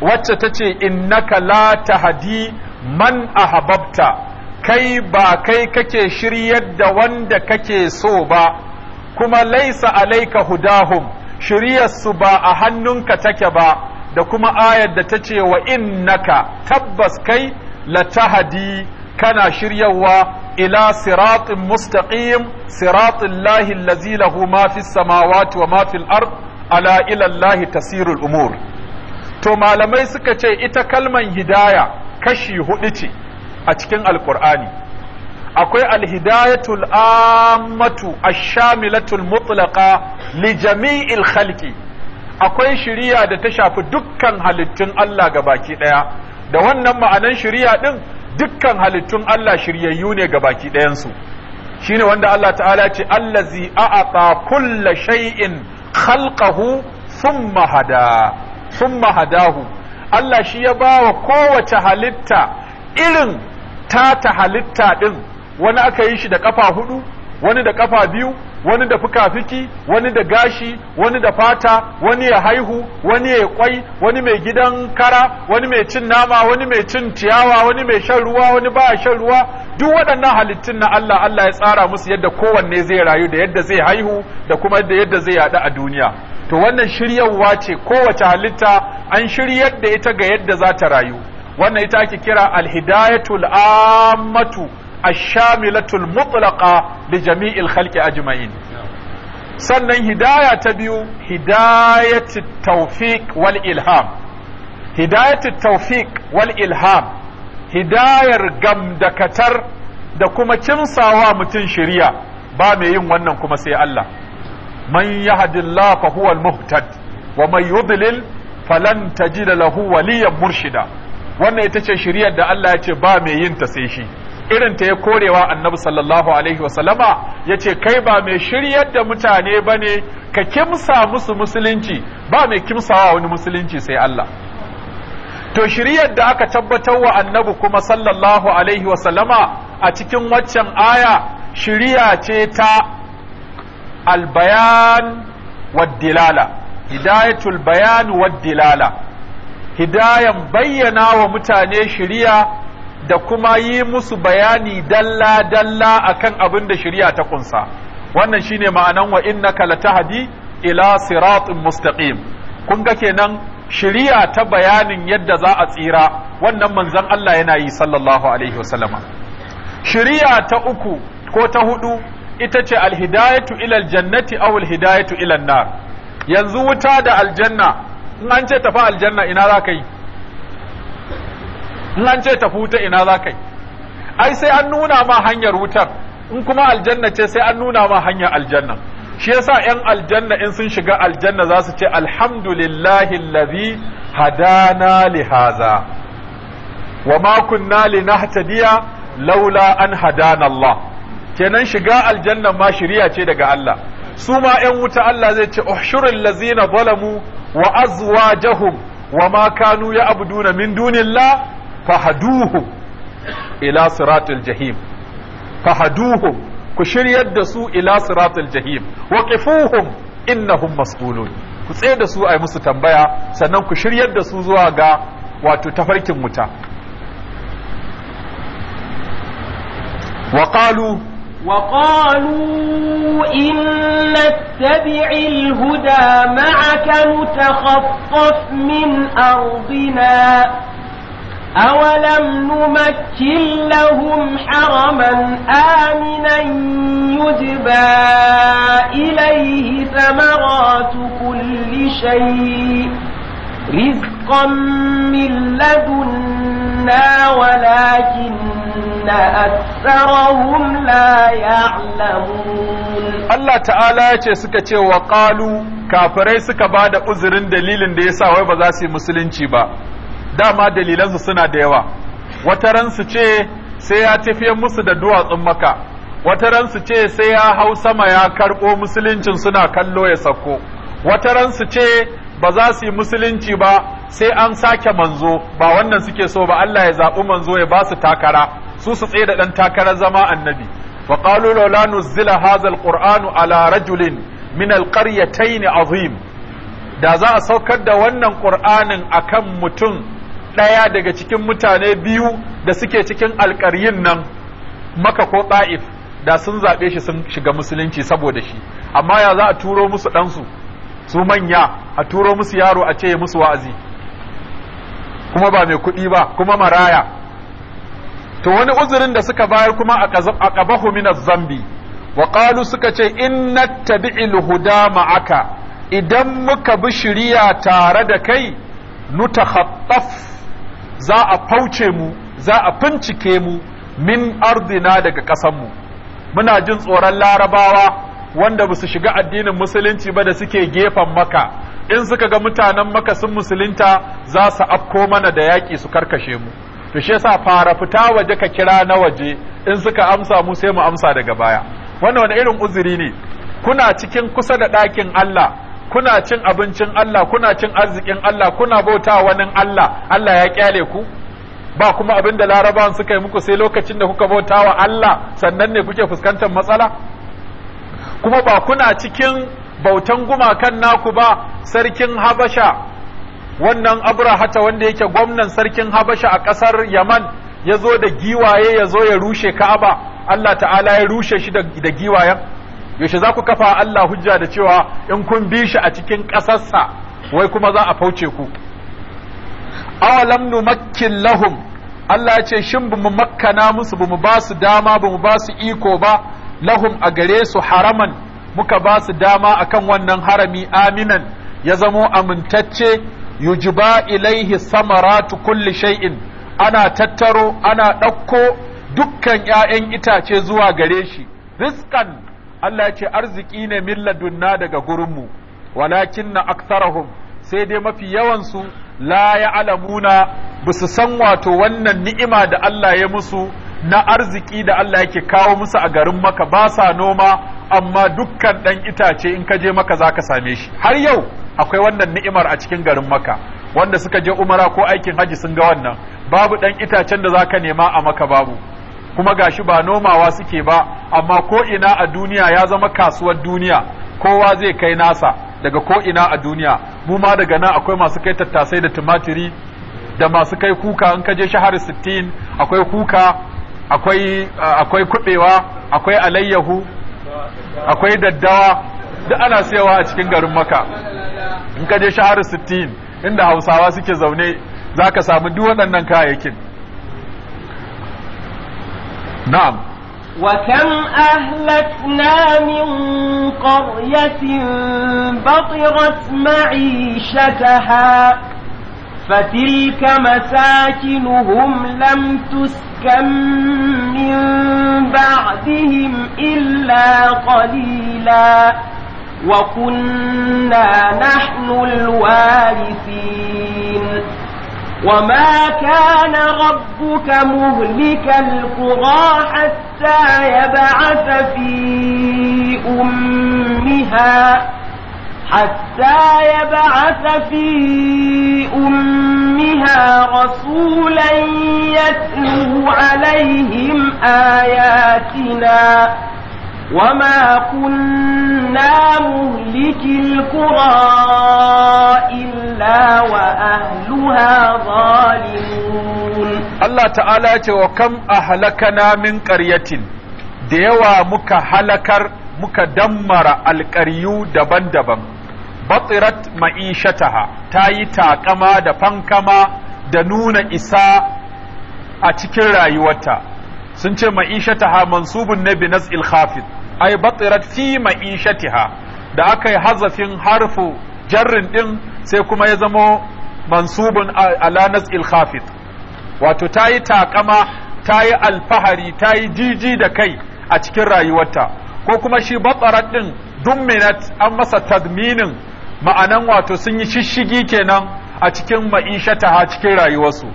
wacce ta ce innaka la tahdi man ahabbabta kai ba kai kake shiryar da wanda kake so ba kuma laisa alaika hudahum su ba a hannunka take ba da kuma ayar da ta ce wa innaka tabbas kai latahadi kana shiryawa ila siratin mustaqim siratin lahi allazi lahu ma fis samawati wa ma fil ard ala ila allahi tasirul umur to malamai suka ce ita kalman hidaya kashi hudu ce a cikin alqur'ani akwai alhidayatul ammatu ash-shamilatul mutlaqa li jami'il khalqi akwai shiriya da ta shafi dukkan halittun Allah ga baki ɗaya da wannan ma'anan shiriya ɗin dukkan halittun Allah shiryayyu ne ga baki ɗayansu Shi ne wanda Allah ta'ala ce Allah a'ata kulla shay'in khalqahu thumma hada thumma hadahu Allah shi ya bawa kowace halitta irin tata halitta ɗin wani aka yi shi da ƙafa hudu wani da ƙafa biyu wani da fikafiki wani da gashi wani da fata wani ya haihu wani ya kwai wani mai gidan kara wani mai cin nama wani mai cin ciyawa wani mai shan ruwa wani ba shan ruwa duk waɗannan halittun na Allah Allah ya tsara musu yadda kowanne zai rayu da yadda zai haihu da kuma da yadda zai yaɗu a duniya to wannan shiryarwa ce kowace halitta an shiryar da ita ga yadda za ta rayu wannan ita ake kira alhidayatul ammatu ashamilatul shamilatul mutlaqa li jami'il khalqi ajma'in sannan hidaya ta biyu hidayatu tawfiq wal ilham hidayatu tawfiq wal ilham hidayar gamdakatar da kuma cinsawa mutum shiriya ba mai yin wannan kuma sai Allah man yahdillahu fa huwal muhtad wa man yudlil falan tajida lahu waliyan murshida wannan ita ce shiriyar da Allah ya ce ba mai yin ta sai shi irin ta ya korewa annabi sallallahu alaihi wasallama ya ce kai ba mai shiryar da mutane bane ka kimsa musu musulunci ba mai kimsawa wani musulunci sai Allah to shiryar da aka tabbatar wa annabi kuma sallallahu alaihi wasallama a cikin waccan aya shiriya ce ta albayan waddilala hidayatul bayan waddilala hidayan bayyana wa mutane shiriya da kuma yi musu bayani dalla dalla akan abin da shari'a ta kunsa wannan shine ma'anan wa ta latahdi ila siratun mustaqim kun ga kenan shari'a ta bayanin yadda za a tsira wannan manzon Allah yana yi sallallahu alaihi wasallama shari'a ta uku ko ta hudu ita ce alhidayatu ila aljannati aw alhidayatu ila nar yanzu wuta da aljanna in an ce tafi aljanna ina za ka yi in an ce tafi wuta ina za ka yi ai sai an nuna ma hanyar wutar in kuma aljanna ce sai an nuna ma hanyar aljanna shi yasa yan aljanna in sun shiga aljanna za su ce alhamdulillahi allazi hadana li hadha wa ma kunna linahtadiya laula an hadana Allah kenan shiga aljanna ma shiriya ce daga Allah su ma yan wuta Allah zai ce ushurul lazina zalamu wa azwajahum wa ma kanu ya'buduna min dunillah fahaduhu ila siratul jahim fahaduhu ku shiryar da su ila siratul jahim waqifuhum innahum mas'ulun ku tsaye da su musu tambaya sannan ku shiryar da su zuwa ga wato tafarkin wuta وقالوا وقالوا إن نتبع الهدى معك نتخطف من أرضنا أولم نمكن لهم حرما آمنا يجبى إليه ثمرات كل شيء رزقا من لدنا ولكن أكثرهم لا يعلمون الله تعالى يتسكى وقالوا كافرين سكى بعد أزرين دليل ديسا ويبغاسي مسلين شبا dama dalilansu suna da yawa wata ran ce sai ya tafiye musu da duwatsun maka wata ran su ce sai ya hau sama ya karɓo musuluncin suna kallo ya sako wata ran ce ba za su yi musulunci ba sai an sake manzo ba wannan suke so ba Allah ya zaɓi manzo ya ba su takara su su tsaye da ɗan takarar zama annabi wa qalu la nuzila hadha alquran ala rajulin min alqaryatayn azim da za a saukar da wannan qur'anin akan mutum ɗaya daga cikin mutane biyu da suke cikin alƙaryin nan maka ko ɗa'if da sun zaɓe shi sun shiga musulunci saboda shi amma ya za a turo musu ɗansu su manya a turo musu yaro a ce musu wa'azi kuma ba mai kuɗi ba kuma maraya to wani uzurin da suka bayar kuma a ƙabahu min zambi wa ƙalu suka ce inna tabi'il huda ma'aka idan muka bi shiriya tare da kai nutakhattaf za a fauce mu za a fincike mu min ardina daga ƙasanmu muna jin tsoron larabawa wanda ba su shiga addinin musulunci ba da suke gefen maka in suka ga mutanen maka sun musulunta za su afko mana da yaƙi su karkashe mu to shi yasa fara fita waje ka kira na waje in suka amsa mu sai mu amsa daga baya wannan wani irin uzuri ne kuna cikin kusa da ɗakin Allah kuna cin abincin Allah kuna cin arzikin Allah kuna bauta wani Allah Allah ya kyale ku ba kuma abin da larabawan suka yi muku sai lokacin da kuka bauta wa Allah sannan ne kuke fuskantar matsala kuma ba kuna cikin bautan gumakan naku ba sarkin Habasha wannan Abrahata wanda yake gwamnan sarkin Habasha a ƙasar Yaman ya zo da giwaye ya zo ya rushe Ka'aba Allah ta'ala ya rushe shi da giwayen yaushe za ku kafa Allah hujja da cewa in kun bi shi a cikin ƙasarsa wai kuma za a fauce ku awalam makkin lahum Allah ya ce shin bamu makkana musu bamu ba su dama bamu ba su iko ba lahum a gare su haraman muka ba su dama akan wannan harami aminan ya zamo amintacce yujiba ilaihi samaratu kulli shay'in ana tattaro ana ɗauko dukkan ‘ya'yan itace zuwa gare shi rizkan Allah ya ce arziki ne milladunna dunna daga gurinmu walakin na aksarahum sai dai mafi yawansu la ya alamuna ba su san wato wannan ni'ima da Allah ya musu na arziki da Allah yake kawo musu a garin maka ba sa noma amma dukkan ɗan itace in ka je maka za ka same shi har yau akwai wannan ni'imar a cikin garin maka wanda suka je umara ko aikin haji sun ga wannan babu ɗan itacen da za ka nema a maka babu kuma gashi ba nomawa suke ba amma ko ina a duniya ya zama kasuwar duniya kowa zai kai nasa daga ko ina a duniya mu ma daga nan akwai masu kai tattasai da tumatiri da masu kai kuka in ka je shahar 60 akwai kuka akwai akwai kubewa akwai alayyahu akwai daddawa duk ana sayawa a cikin garin maka in ka je shahar 60 inda hausawa suke zaune zaka samu duk waɗannan kayayyakin نعم وكم أهلكنا من قرية بطرت معيشتها فتلك مساكنهم لم تسكن من بعدهم إلا قليلا وكنا نحن الوارثين وما كان ربك مهلك القرى حتى يبعث في أمها حتى يبعث في أمها رسولا يتلو عليهم آياتنا وما كنا مهلك القرى إلا وأهلها ظالمون الله تعالى وكم أهلكنا من قرية ديوا مك هلكر مك دمر القريو دبن دبن بطرت معيشتها تايتا كما دفن كما دنون إساء أتكر رأيوتها sun ce ma'ishataha mansubun ne bi nas'il khafid ay batirat fi ma'ishatiha da aka yi hazafin harfu jarrin din sai kuma ya zamo mansubun ala nas'il khafid wato tayi takama tayi alfahari tayi jiji da kai a cikin rayuwarta ko kuma shi batsarat din dumminat an masa tadminin ma'anan wato sun yi shishigi kenan a cikin ma'ishataha cikin rayuwarsu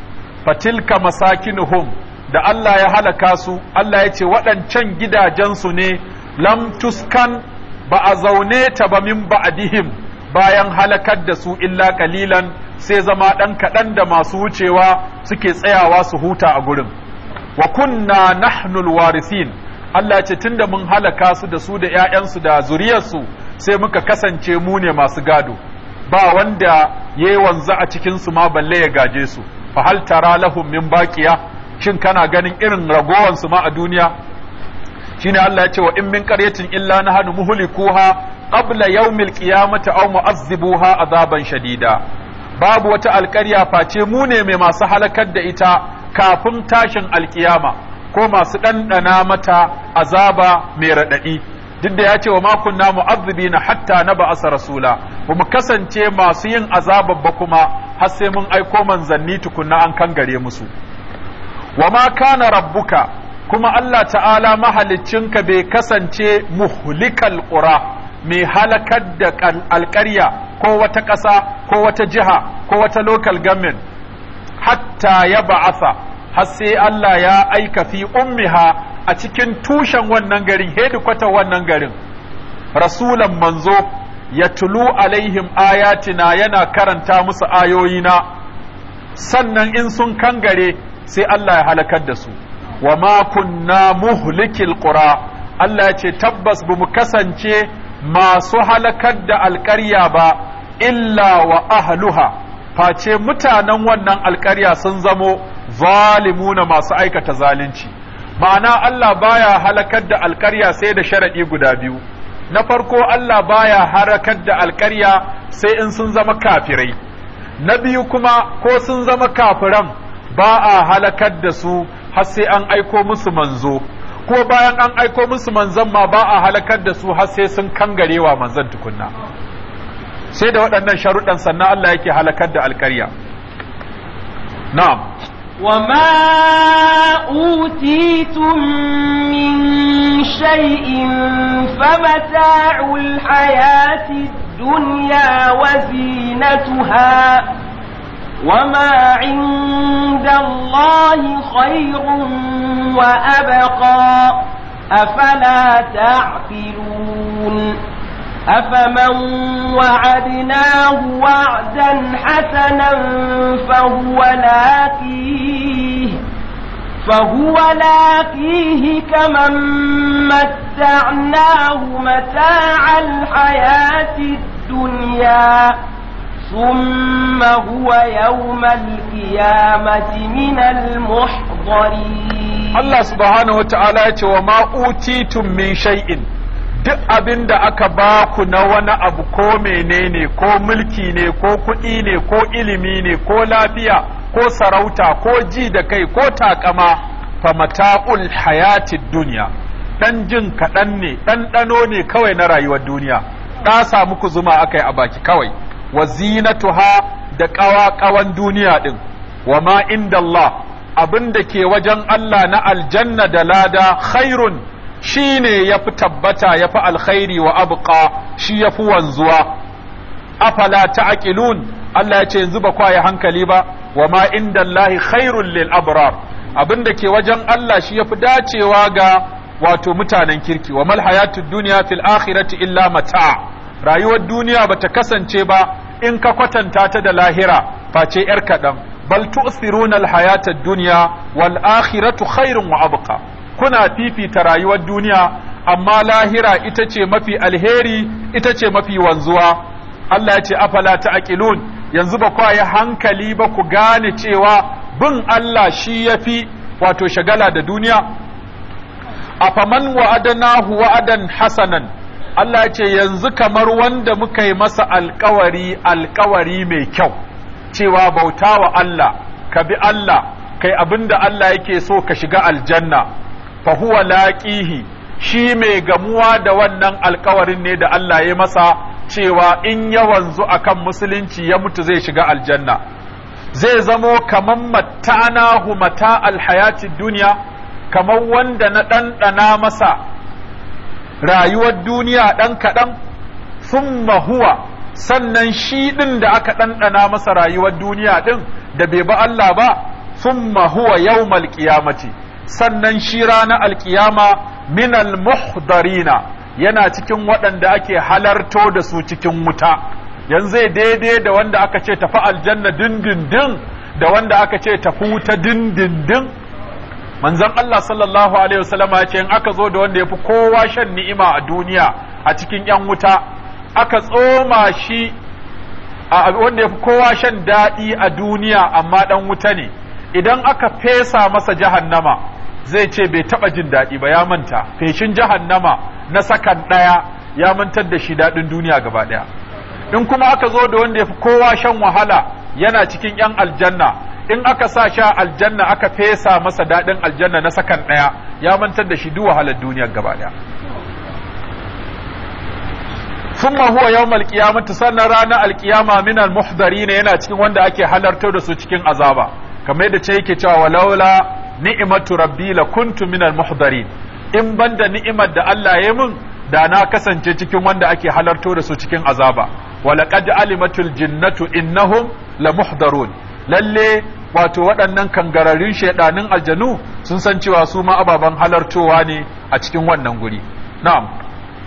fatilka masakinuhum da Allah ya halaka su Allah ya ce waɗancan gidajensu ne lam tuskan ba a zaune ta ba min ba'dihim bayan halakar da su illa kalilan sai zama ɗan kaɗan da masu wucewa suke tsayawa su huta a gurin wa kunna nahnul warisin Allah ya ce tunda mun halaka su da su da ƴaƴansu da zuriyarsu sai muka kasance mu ne masu gado ba wanda yayi wanzu a cikin su ma balle ya gaje su fa hal tara lahum min baqiya shin kana ganin irin ragowan su ma a duniya shine Allah ya ce wa in min qaryatin illa nahnu muhlikuha qabla yawmil qiyamati aw mu'azzibuha azaban shadida babu wata alƙarya face mu ne mai masu halakar da ita kafin tashin alƙiyama ko masu ɗanɗana mata azaba mai raɗaɗi duk da ya ce wa makunna na hatta na ba'asa rasula ba mu kasance masu yin azaba ba kuma har sai mun aiko manzanni tukunna an kangare musu wa ma kana rabbuka kuma Allah ta'ala ka bai kasance muhlikal qura mai halakar da alƙarya ko wata ƙasa ko wata jiha ko wata local government hatta ya ba'asa har sai Allah ya aika fi ummiha a cikin tushen wannan garin hedikwata wannan garin rasulan manzo ya tulu alaihim ayatina yana karanta musu ayoyina sannan in sun kangare sai Allah ya halakar da su wa ma kunna muhlikil qura Allah ya ce tabbas bu mu kasance masu halakar da alƙarya ba illa wa ahluha face mutanen wannan alƙarya sun zamo zalimuna masu aikata zalunci ma'ana Allah baya halakar da alƙarya sai da sharaɗi guda biyu na farko Allah baya harakar da alƙarya sai in sun zama kafirai na biyu kuma ko sun zama kafiran ba a halakar da su har sai an aiko musu manzo ko bayan an aiko musu manzon ma ba a halakar da su har sai sun kangarewa manzon tukunna sai da waɗannan sharuɗan sannan Allah yake halakar da alƙarya na'am Wa ma وما أوتيتم من شيء فمتاع dunya wa zinatuha وما عند الله خير وأبقى أفلا تعقلون أفمن وعدناه وعدا حسنا فهو لاقيه فهو لاقيه كمن متعناه متاع الحياة الدنيا ثم هو يوم القيامة من المحضرين الله سبحانه وتعالى وما أوتيتم من شيء duk abin da aka ba ku na wani abu ko menene ko mulki ne ko kuɗi ne ko ilimi ne ko lafiya ko sarauta ko ji da kai ko takama fa mata'ul hayati duniya dan jin kaɗan ne ɗanɗano ne kawai na rayuwar duniya samu muku zuma akai a baki kawai wa zinatuha da kawa kawan duniya din wa ma inda Allah abin da ke wajen Allah na aljanna da lada khairun shine yafi tabbata yafi alkhairi wa abuka shi yafi wanzuwa afala akilun. Allah ya ce yanzu ba kwaye hankali ba wa ma inda Allah khairun lil abrar abin da ke wajen Allah shi yafi dacewa ga wato mutanen kirki wa mal hayatud duniya fil akhirati illa mata' rayuwar duniya ba ta kasance ba in ka kwatanta ta da lahira face yar kaɗan bal tu'thiruna al duniya ad-dunya wal akhiratu khairun wa abqa kuna fifita rayuwar duniya amma lahira ita ce mafi alheri ita ce mafi wanzuwa Allah ya ce afala ta'qilun yanzu ba kwa yi hankali ba ku gane cewa bin Allah shi yafi wato shagala da duniya afaman wa'adanahu wa'adan hasanan Allah ce yanzu kamar wanda muka yi masa alkawari alkawari mai kyau cewa bauta wa Allah ka bi Allah kai abinda Allah yake so ka shiga aljanna fa huwa laqihi shi mai gamuwa da wannan alkawarin ne da Allah ya masa cewa in ya wanzu akan musulunci ya mutu zai shiga aljanna zai zamo kamar matana mata alhayati duniya Kamar wanda na ɗanɗana masa rayuwar duniya ɗan kaɗan sun huwa sannan shi ɗin da aka ɗanɗana masa rayuwar duniya ɗin da bai ba Allah ba thumma huwa yawmal qiyamati sannan shi ranar alkiyama minal muhdarina yana cikin waɗanda ake halarto da su cikin wuta yanzu daidai da wanda aka ce tafi aljanna dindindin da wanda aka ce tafi wuta dindindin manzon Allah sallallahu alaihi wasallama ya ce in aka zo da wanda yafi kowa shan ni'ima a duniya a cikin yan wuta aka tsoma shi a wanda yafi kowa shan daɗi a duniya amma ɗan wuta ne idan aka fesa masa jahannama zai ce bai taɓa jin daɗi ba ya manta feshin jahannama na sakan ɗaya ya mantar da shi daɗin duniya gaba ɗaya in kuma aka zo da wanda yafi kowa shan wahala yana cikin yan aljanna in aka sa sha aljanna aka fesa masa daɗin aljanna na sakan ɗaya ya mantar da shi duk wahalar duniyar gaba ɗaya thumma huwa yawmal ta sannan ranar alƙiyama min al ne yana cikin wanda ake halarta da su cikin azaba kamar da ce yake cewa walaula ni'imatu rabbi la kuntu min al muhdarin in da ni'imar da Allah ya mun da na kasance cikin wanda ake halarta da su cikin azaba walaqad alimatul jinnatu innahum la muhdarun lalle wato waɗannan kangararin shaidanin aljanu sun san cewa su ma ababen halartowa ne a cikin wannan guri na'am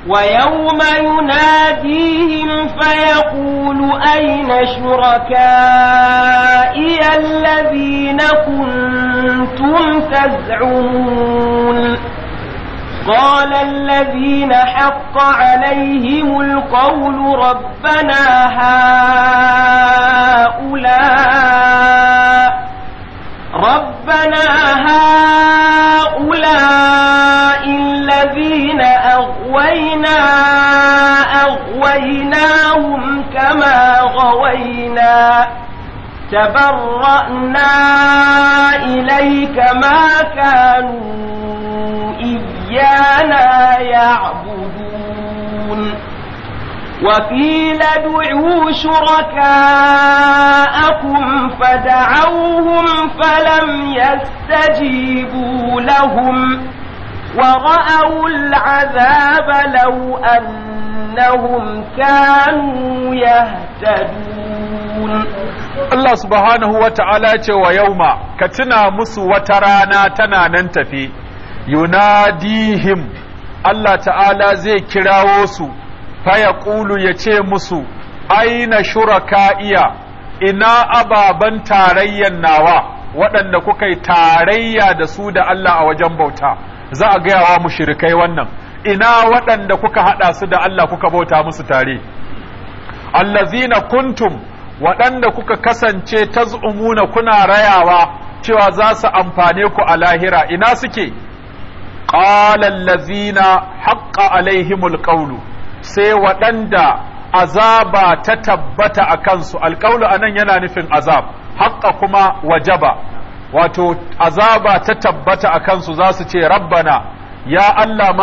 wa yawma yunadihim fa yaqulu ayna shuraka'i alladhina kuntum taz'un قال الذين حق عليهم القول ربنا هؤلاء ربنا هؤلاء الذين أغوينا أغويناهم كما غوينا تبرأنا إليك ما كانوا لا يعبدون وقيل ادعوا شركاءكم فدعوهم فلم يستجيبوا لهم ورأوا العذاب لو أنهم كانوا يهتدون الله سبحانه وتعالى ويوم كتنا مسو وترانا تنا ننتفي yunadihim Allah ta'ala zai kirawo su fayaqulu ya ce musu aina shuraka'iya ina ababan tarayyan nawa waɗanda kuka yi tarayya da su da Allah a wajen bauta za a gaya wa mushrikai wannan ina waɗanda kuka haɗa su da Allah kuka bauta musu tare allazina kuntum waɗanda kuka kasance taz'umuna kuna rayawa cewa za su amfane ku a lahira ina suke qala allazina haqqa alaihimul qawlu sai waɗanda azaba ta tabbata a kansu alƙaulu anan yana nufin azab haƙƙa kuma wajaba wato azaba ta tabbata a kansu za su ce rabbana ya Allah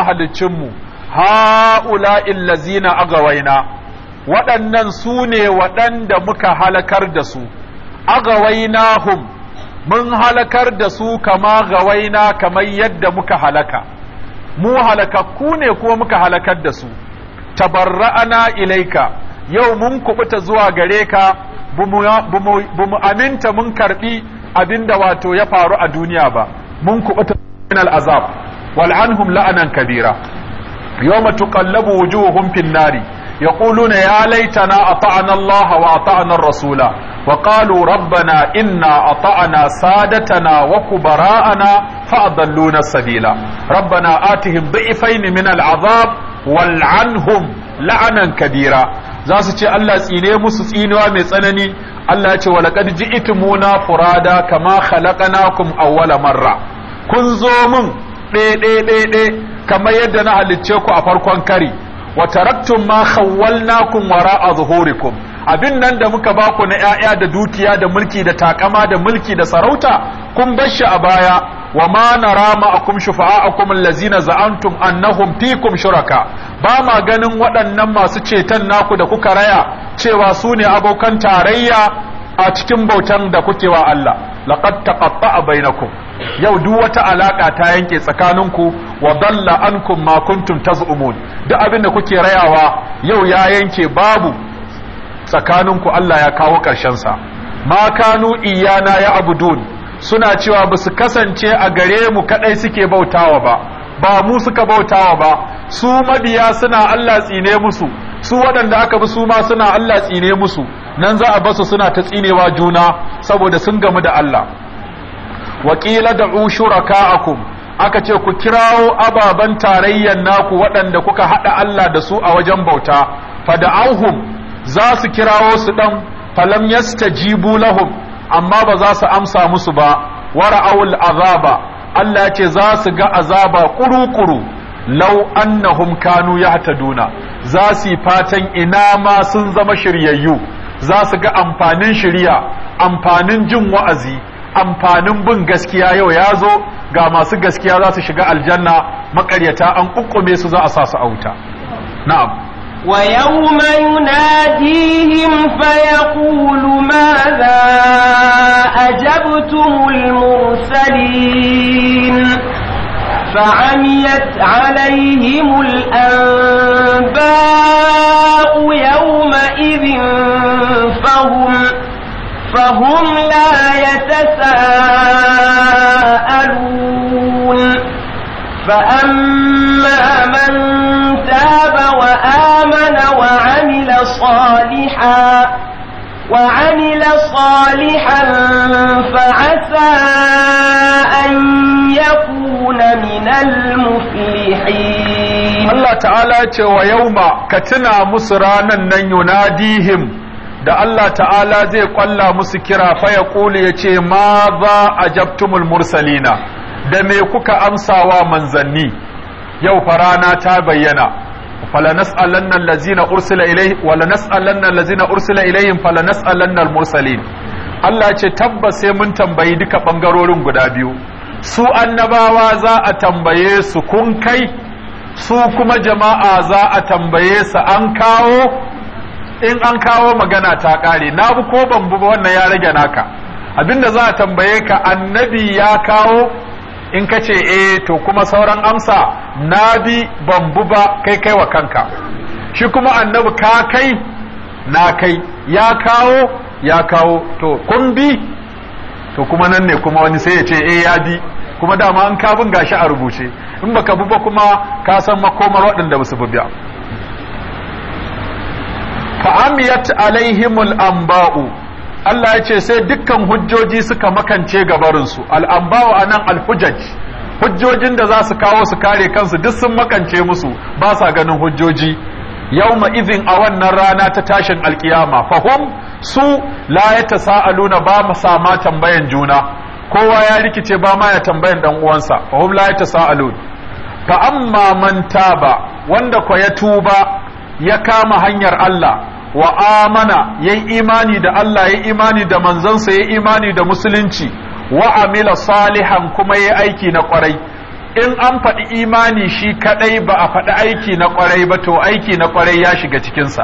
mu ha'ula illazina agawaina waɗannan su ne waɗanda muka halakar da su agawainahum mun halakar da su kama gawaina kamar yadda muka halaka mu halakakku ne ko muka halakar da su tabarra'ana ilaika yau mun kubuta zuwa gare ka bumu aminta mun karbi abinda wato ya faru a duniya ba mun kubuta min azab. wal anhum la'anan kabira yawma tuqallabu wujuhum fin nari يقولون يا ليتنا أطعنا الله وأطعنا الرسول وقالوا ربنا إنا أطعنا سادتنا وكبراءنا فأضلونا السبيل ربنا آتهم ضعفين من العذاب والعنهم لعنا كبيرا za su ce Allah tsine musu tsinewa mai tsanani Allah ce walaqad ji'tumuna furada kama khalaqnakum awwala marra kun zo mun ɗe kamar yadda na halicce ku a farkon kari wa taraktum ma khawwalnakum wara zuhurikum abin nan da muka ba ku na 'ya'ya da dukiya da mulki da takama da mulki da sarauta kun bar shi a baya wa ma nara ma'akum shufa'akum allazina za'antum annahum fikum shuraka ba ma ganin waɗannan masu ceton naku da kuka raya cewa su ne abokan tarayya a cikin bautan da kuke wa Allah laqad taqatta'a bainakum yau duk wata alaka ta yanke tsakaninku wa dalla ankum ma kuntum taz'umun duk abin da kuke rayawa yau ya yanke babu tsakaninku Allah ya kawo ƙarshen sa ma kanu iyana ya abudun suna cewa ba su kasance a gare mu kadai suke bautawa ba ba mu suka bautawa ba su mabiya suna Allah tsine musu su waɗanda aka bi su ma suna Allah tsine musu nan za a basu suna ta tsinewa juna saboda sun gamu da Allah waƙila da shuraka'akum aka ce ku kirawo ababen tarayyan naku waɗanda kuka haɗa Allah da su a wajen bauta fada'auhum za su kirawo su ɗan falam yastajibu lahum amma ba za su amsa musu ba wara'awul azaba Allah ce za su ga azaba kuru-kuru lau annahum kanu yahtaduna za su yi fatan ina ma sun zama shiryayyu za su ga amfanin shirya amfanin jin wa'azi amfanin bin gaskiya yau ya zo ga masu gaskiya za su shiga aljanna makaryata an kukkume su za a sa su a wuta na'am fa يناديهم فيقول ماذا ajabtumul mursalin فعميت عليهم الأنباء يومئذ فهم فهم لا يتساءلون فأما من تاب وآمن وعمل صالحا وعمل صالحا فعسى أن ta'ala ce wa yauma ka tuna musu ranan nan yunadihim da Allah ta'ala zai kwalla musu kira fa ya kuli ya ce ma za a jabtumul mursalina da me kuka amsawa manzanni yau farana ta bayyana falanas'alanna allazina ursila allazina ilayhim mursalin. Allah ce tabbas sai mun tambayi duka bangarorin guda biyu su annabawa za a tambaye su kun kai su kuma jama'a za a tambaye su an kawo in an kawo magana ta ƙare na bi ko ban bi wannan ya rage naka abinda za a tambaye ka annabi ya kawo in ka ce eh to kuma sauran amsa na bi ban bi ba kai kai wa kanka shi kuma annabi ka kai na kai ya kawo ya kawo to kun bi to kuma nan ne kuma wani sai ya ce eh ya bi kuma dama an kabin gashi a rubuce in baka bi ba kuma ka san makomar waɗanda ba su bi ba amiyat alaihimul anba'u Allah ya ce sai dukkan hujjoji suka makance gabarinsu al'amba'u anan al alhujaj hujjojin da za su kawo su kare kansu duk sun makance musu ba sa ganin hujjoji yawma izin a wannan rana ta tashin alkiyama fahum su la ya sa'aluna ba mu tambayan juna kowa ya rikice ba ma ya tambayan dan uwansa fa hum la yatasaalun fa amma man taba wanda ko ya tuba ya kama hanyar Allah wa amana yayi imani da Allah yayi imani da manzansa yayi imani da musulunci wa amila salihan kuma yayi aiki na kwarai in an faɗi imani shi kadai ba a faɗi aiki na kwarai ba to aiki na kwarai ya shiga cikinsa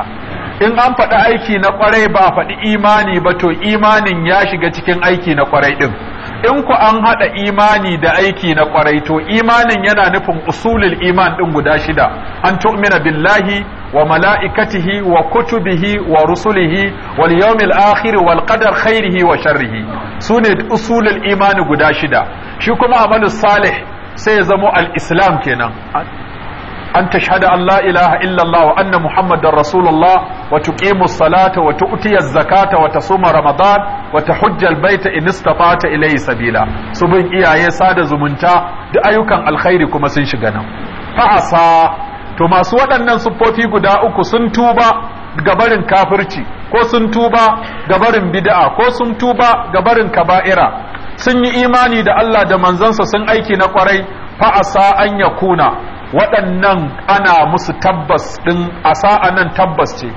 in an faɗi aiki na kwarai ba a faɗi imani ba to imanin ya shiga cikin aiki na kwarai ɗin in ku an haɗa imani da aiki na ƙwarai to imanin yana nufin usulul iman ɗin guda shida an tu'mina billahi wa mala'ikatihi wa kutubihi wa rusulihi wal yawmil akhir wal qadar khairihi wa sharrihi sune usulul imani guda shida shi kuma amalus salih sai ya zamo al-islam kenan an tashhada Allah la ilaha illallah wa muhammad muhammadar rasulullah wa tuqimu salata wa tu'tiya zakata wata suma ramadan wata tahujja baita, in istata'ta ilayhi sabila su bin iyaye sada zumunta da ayyukan alkhairi kuma sun shiga nan fa to masu waɗannan siffofi guda uku sun tuba gabarin kafirci ko sun tuba gabarin bida'a ko sun tuba gabarin kaba'ira sun yi imani da Allah da manzansa sun aiki na kwarai fa an ya kuna. waɗannan ana musu tabbas ɗin a sa'a nan tabbas ce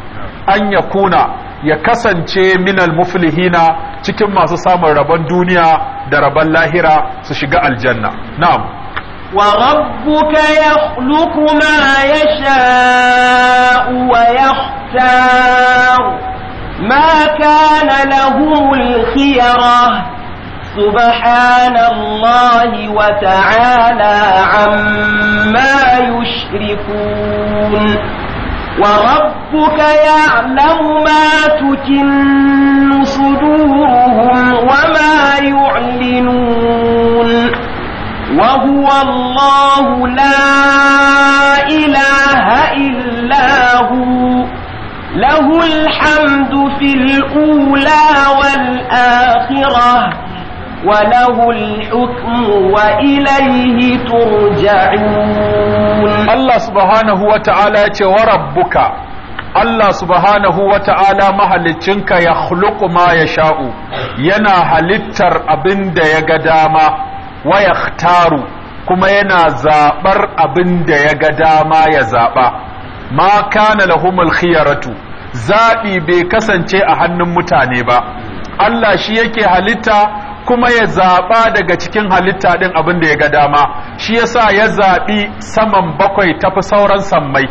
an ya kuna ya kasance minal muflihina cikin masu samun rabon duniya da rabon lahira su shiga aljanna na'am وربك يخلق ما يشاء ويختار ما كان له الخيره سبحان الله وتعالى عما يشركون وربك يعلم ما تكن صدورهم وما يعلنون وهو الله لا إله إلا هو له الحمد في الأولى والآخرة وله الحكم وإليه ترجعون الله سبحانه وتعالى وربك Allah subhanahu wa ta'ala mahalicinka ya khuluku ma ya sha'u, yana halittar abin da ya ga dama, wa ya kuma yana zaɓar abin da ya ga dama ya zaɓa, ma kana lahumul khiyaratu, zaɓi bai kasance a hannun mutane ba, Allah shi yake halitta kuma ya zaɓa daga cikin halitta ɗin abin da ya ga dama shi yasa ya zaɓi saman bakwai tafi sauran sammai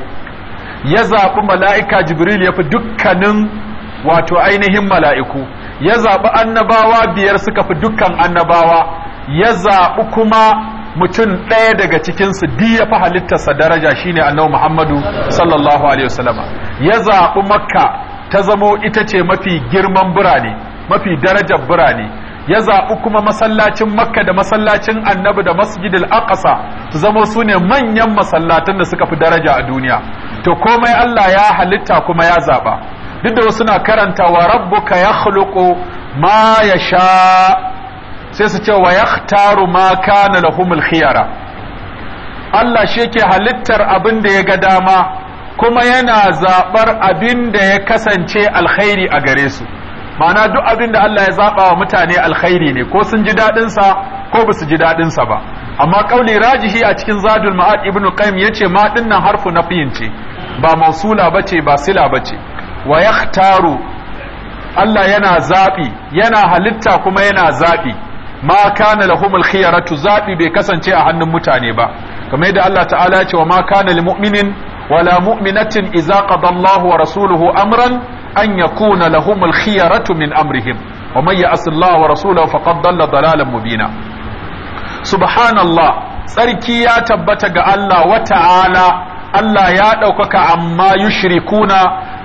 ya zaɓi mala'ika jibril ya fi dukkanin wato ainihin mala'iku ya zaɓi annabawa biyar suka fi dukkan annabawa ya zaɓi kuma mutum ɗaya daga cikinsu di ya fi halittarsa daraja shine annabi muhammadu sallallahu alaihi wasallama ya zaɓi makka ta zamo ita ce mafi girman birane mafi darajar birane ya zaɓi kuma masallacin makka da masallacin annabi da masjidil aqsa su zama su ne manyan masallatan da suka fi daraja a duniya to komai Allah ya halitta kuma ya zaɓa duk da wasu na karanta wa rabbuka ya ma ma yasha sai su ce wa yakhtaru ma kana lahumul khiyara Allah shi yake halittar abin da ya ga dama kuma yana zaɓar abin da ya kasance alkhairi a gare su ma'ana duk abin da Allah ya zaba wa mutane alkhairi ne ko sun ji daɗinsa sa ko ba su ji daɗinsa sa ba amma kauli rajihi a cikin zadul ma'ad ibn qayyim yace ma dinnan harfu nafiyin ce ba mausula bace ba sila bace wa yakhtaru Allah yana zabi yana halitta kuma yana zabi ma kana lahumul khiyaratu zabi bai kasance a hannun mutane ba kamar yadda Allah ta'ala ya ce wa ma kana lil mu'minin wala mu'minatin idza qada Allahu wa rasuluhu amran an yakuna lahum al-khiyaratu min amrihim wa man ya'sil Allah wa rasulahu faqad dalla dalalan subhanallah tsarki ya tabbata ga Allah wa ta'ala Allah ya ɗaukaka amma yushrikuna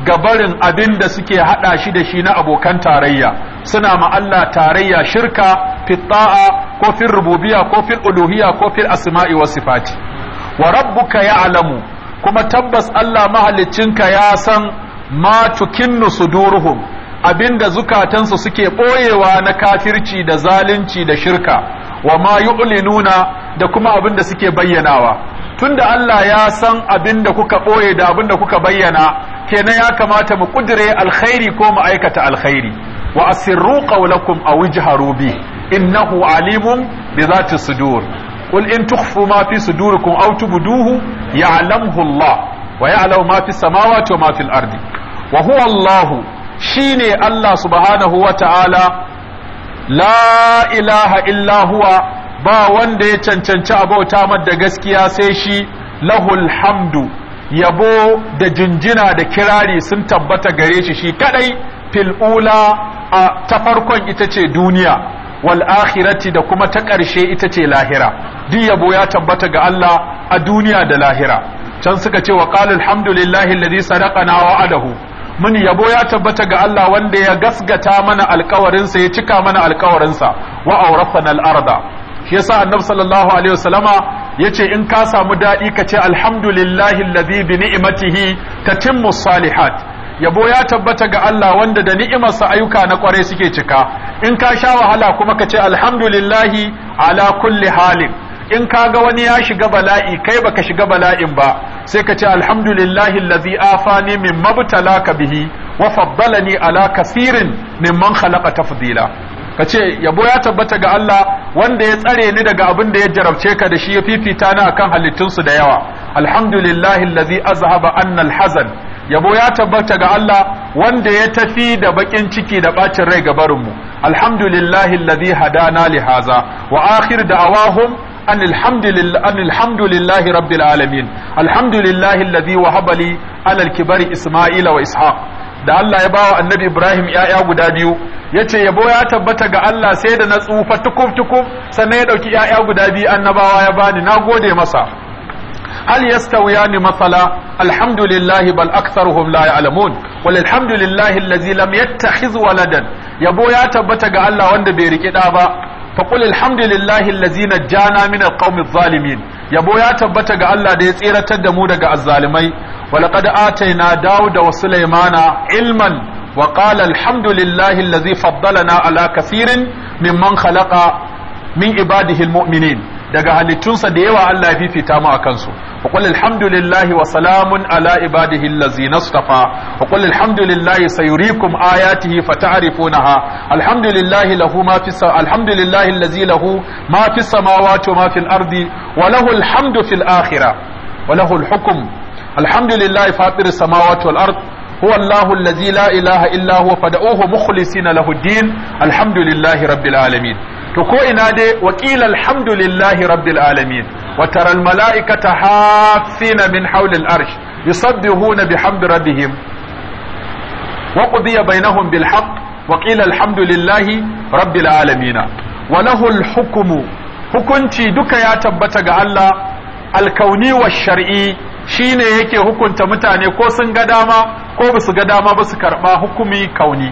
gabarin abin da suke haɗa shi da shi na abokan tarayya suna ma Allah tarayya shirka fi ta'a ko fi rububiya, ko fi uluhiyya ko fi asma'i wa sifati wa rabbuka ya'lamu kuma tabbas Allah ka ya san ma tukinnu suduruhum abinda zukatansu suke boyewa na kafirci da zalunci da shirka wa ma yu'linuna da kuma abinda suke bayyanawa tunda Allah ya san abinda kuka boye da abinda kuka bayyana kenan ya kamata mu kudire alkhairi ko mu aikata alkhairi wa asirru qawlakum aw ijharu bi innahu alimun bi sudur qul in tukhfu ma fi sudurikum aw tubduhu ya'lamuhu Allah wa ya'lamu ma fis samawati wa ma fil ardi wa huwa Allah shine Allah subhanahu wa ta'ala la ilaha illa huwa ba wanda ya cancanci abauta mar da gaskiya sai shi lahul hamdu yabo da jinjina da kirari sun tabbata gare shi shi kadai fil'ula a ta farkon ita ce duniya wal akhirati da kuma ta ƙarshe ita ce lahira duk yabo ya tabbata ga Allah a duniya da lahira can suka ce wa qala alhamdulillahi alladhi sadaqana wa'adahu mun yabo ya tabbata ga Allah wanda ya gasgata mana alkawarinsa ya cika mana alkawarinsa wa awrasana al-arda shi yasa annabi sallallahu alaihi wasallama yace in ka samu dadi ka ce alhamdulillahi alladhi bi ni'matihi tatimmu salihat yabo ya tabbata ga Allah wanda da ni'imarsa ayyuka na kware suke cika in ka sha wahala kuma ka ce alhamdulillahi ala kulli halin in kaga wani ya shiga bala'i kai baka shiga bala'in ba sai ka ce alhamdulillahi allazi afani min mabtalaka bihi wa faddalani ala kasirin mimman khalaqa tafdila ka ce yabo ya tabbata ga Allah wanda ya tsare ni daga abin da ya jarabce ka da shi ya fifita ni akan halittunsu da yawa alhamdulillahi allazi azhaba anna alhazan yabo ya tabbata ga Allah wanda ya tafi da bakin ciki da bacin rai ga barinmu alhamdulillahi allazi hadana lihaza wa akhir da'awahum أن الحمد, لله أن الحمد لله رب العالمين wa لله الذي وهب لي على الكبر إسماعيل da Allah ya bawa annabi Ibrahim ‘ya’ya guda biyu, Yace ce yabo ya tabbata ga Allah sai da na tsufa tukum tukum sannan ya ɗauki ‘ya’ya guda biyu annabawa ya bani na gode masa. Hal ya stawuya ni matsala, alhamdulillahi bal aksar hum la ya’alamun, wal alhamdulillahi lazi lam yatta waladan, yabo ya tabbata ga Allah wanda bai riƙi ɗa ba, faqul alhamdulillahi allazi najjana min alqawmi adh yabo ya tabbata ga Allah da ya tsiratar da mu daga azzalimai wa laqad dawo da wa sulaymana ilman wa qala alhamdulillahi allazi faddalana ala kathirin mimman khalaqa min ibadihi almu'minin daga halittunsa da yawa Allah ya fifita mu a kansu. wa qul alhamdulillahi wa salamun ala ibadihi allazina istafa wa qul alhamdulillahi sayuriikum ayatihi fata'rifunaha alhamdulillahi lahu ma fis alhamdulillahi allazi lahu ma fis samawati wa ma fil ardi wa lahu alhamdu fil akhirah wa lahu alhukm alhamdulillahi fatir samawati wal ardi huwa Allahu allazi la ilaha illa huwa fad'uhu mukhlisina lahu din alhamdulillahi rabbil to ko ina dai wa qila alhamdulillahi rabbil alamin wa tara al malaikata hafina min hawli al arsh yusabbihuna bihamdi rabbihim wa qudiya bainahum bil haqq wa qila alhamdulillahi rabbil alamin wa hukunci duka ya tabbata ga Allah alkauni wa shar'i shine yake hukunta mutane ko sun ga dama ko ba su ga dama ba su karɓa hukumi kauni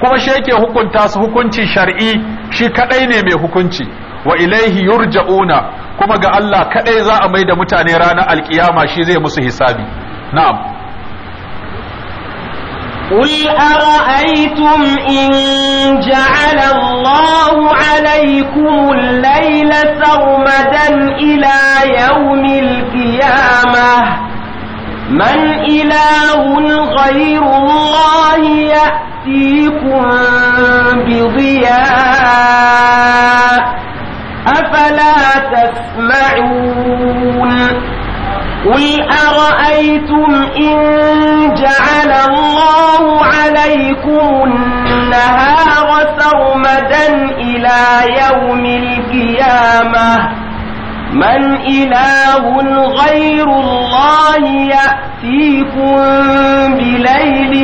kuma shi yake hukunta su hukunci shar'i shi kadai ne mai hukunci wa ilaihi yurja'una kuma ga Allah kadai za a mai da mutane ranar alkiyama shi zai musu hisabi na'am قل أرأيتم إن جعل الله عليكم الليل سرمدا إلى يوم القيامة من إله غير الله يأتيكم بضياء أفلا تسمعون قل أرأيتم إن جعل الله عليكم النهار سرمدا إلى يوم القيامة من إله غير الله يأتيكم بليل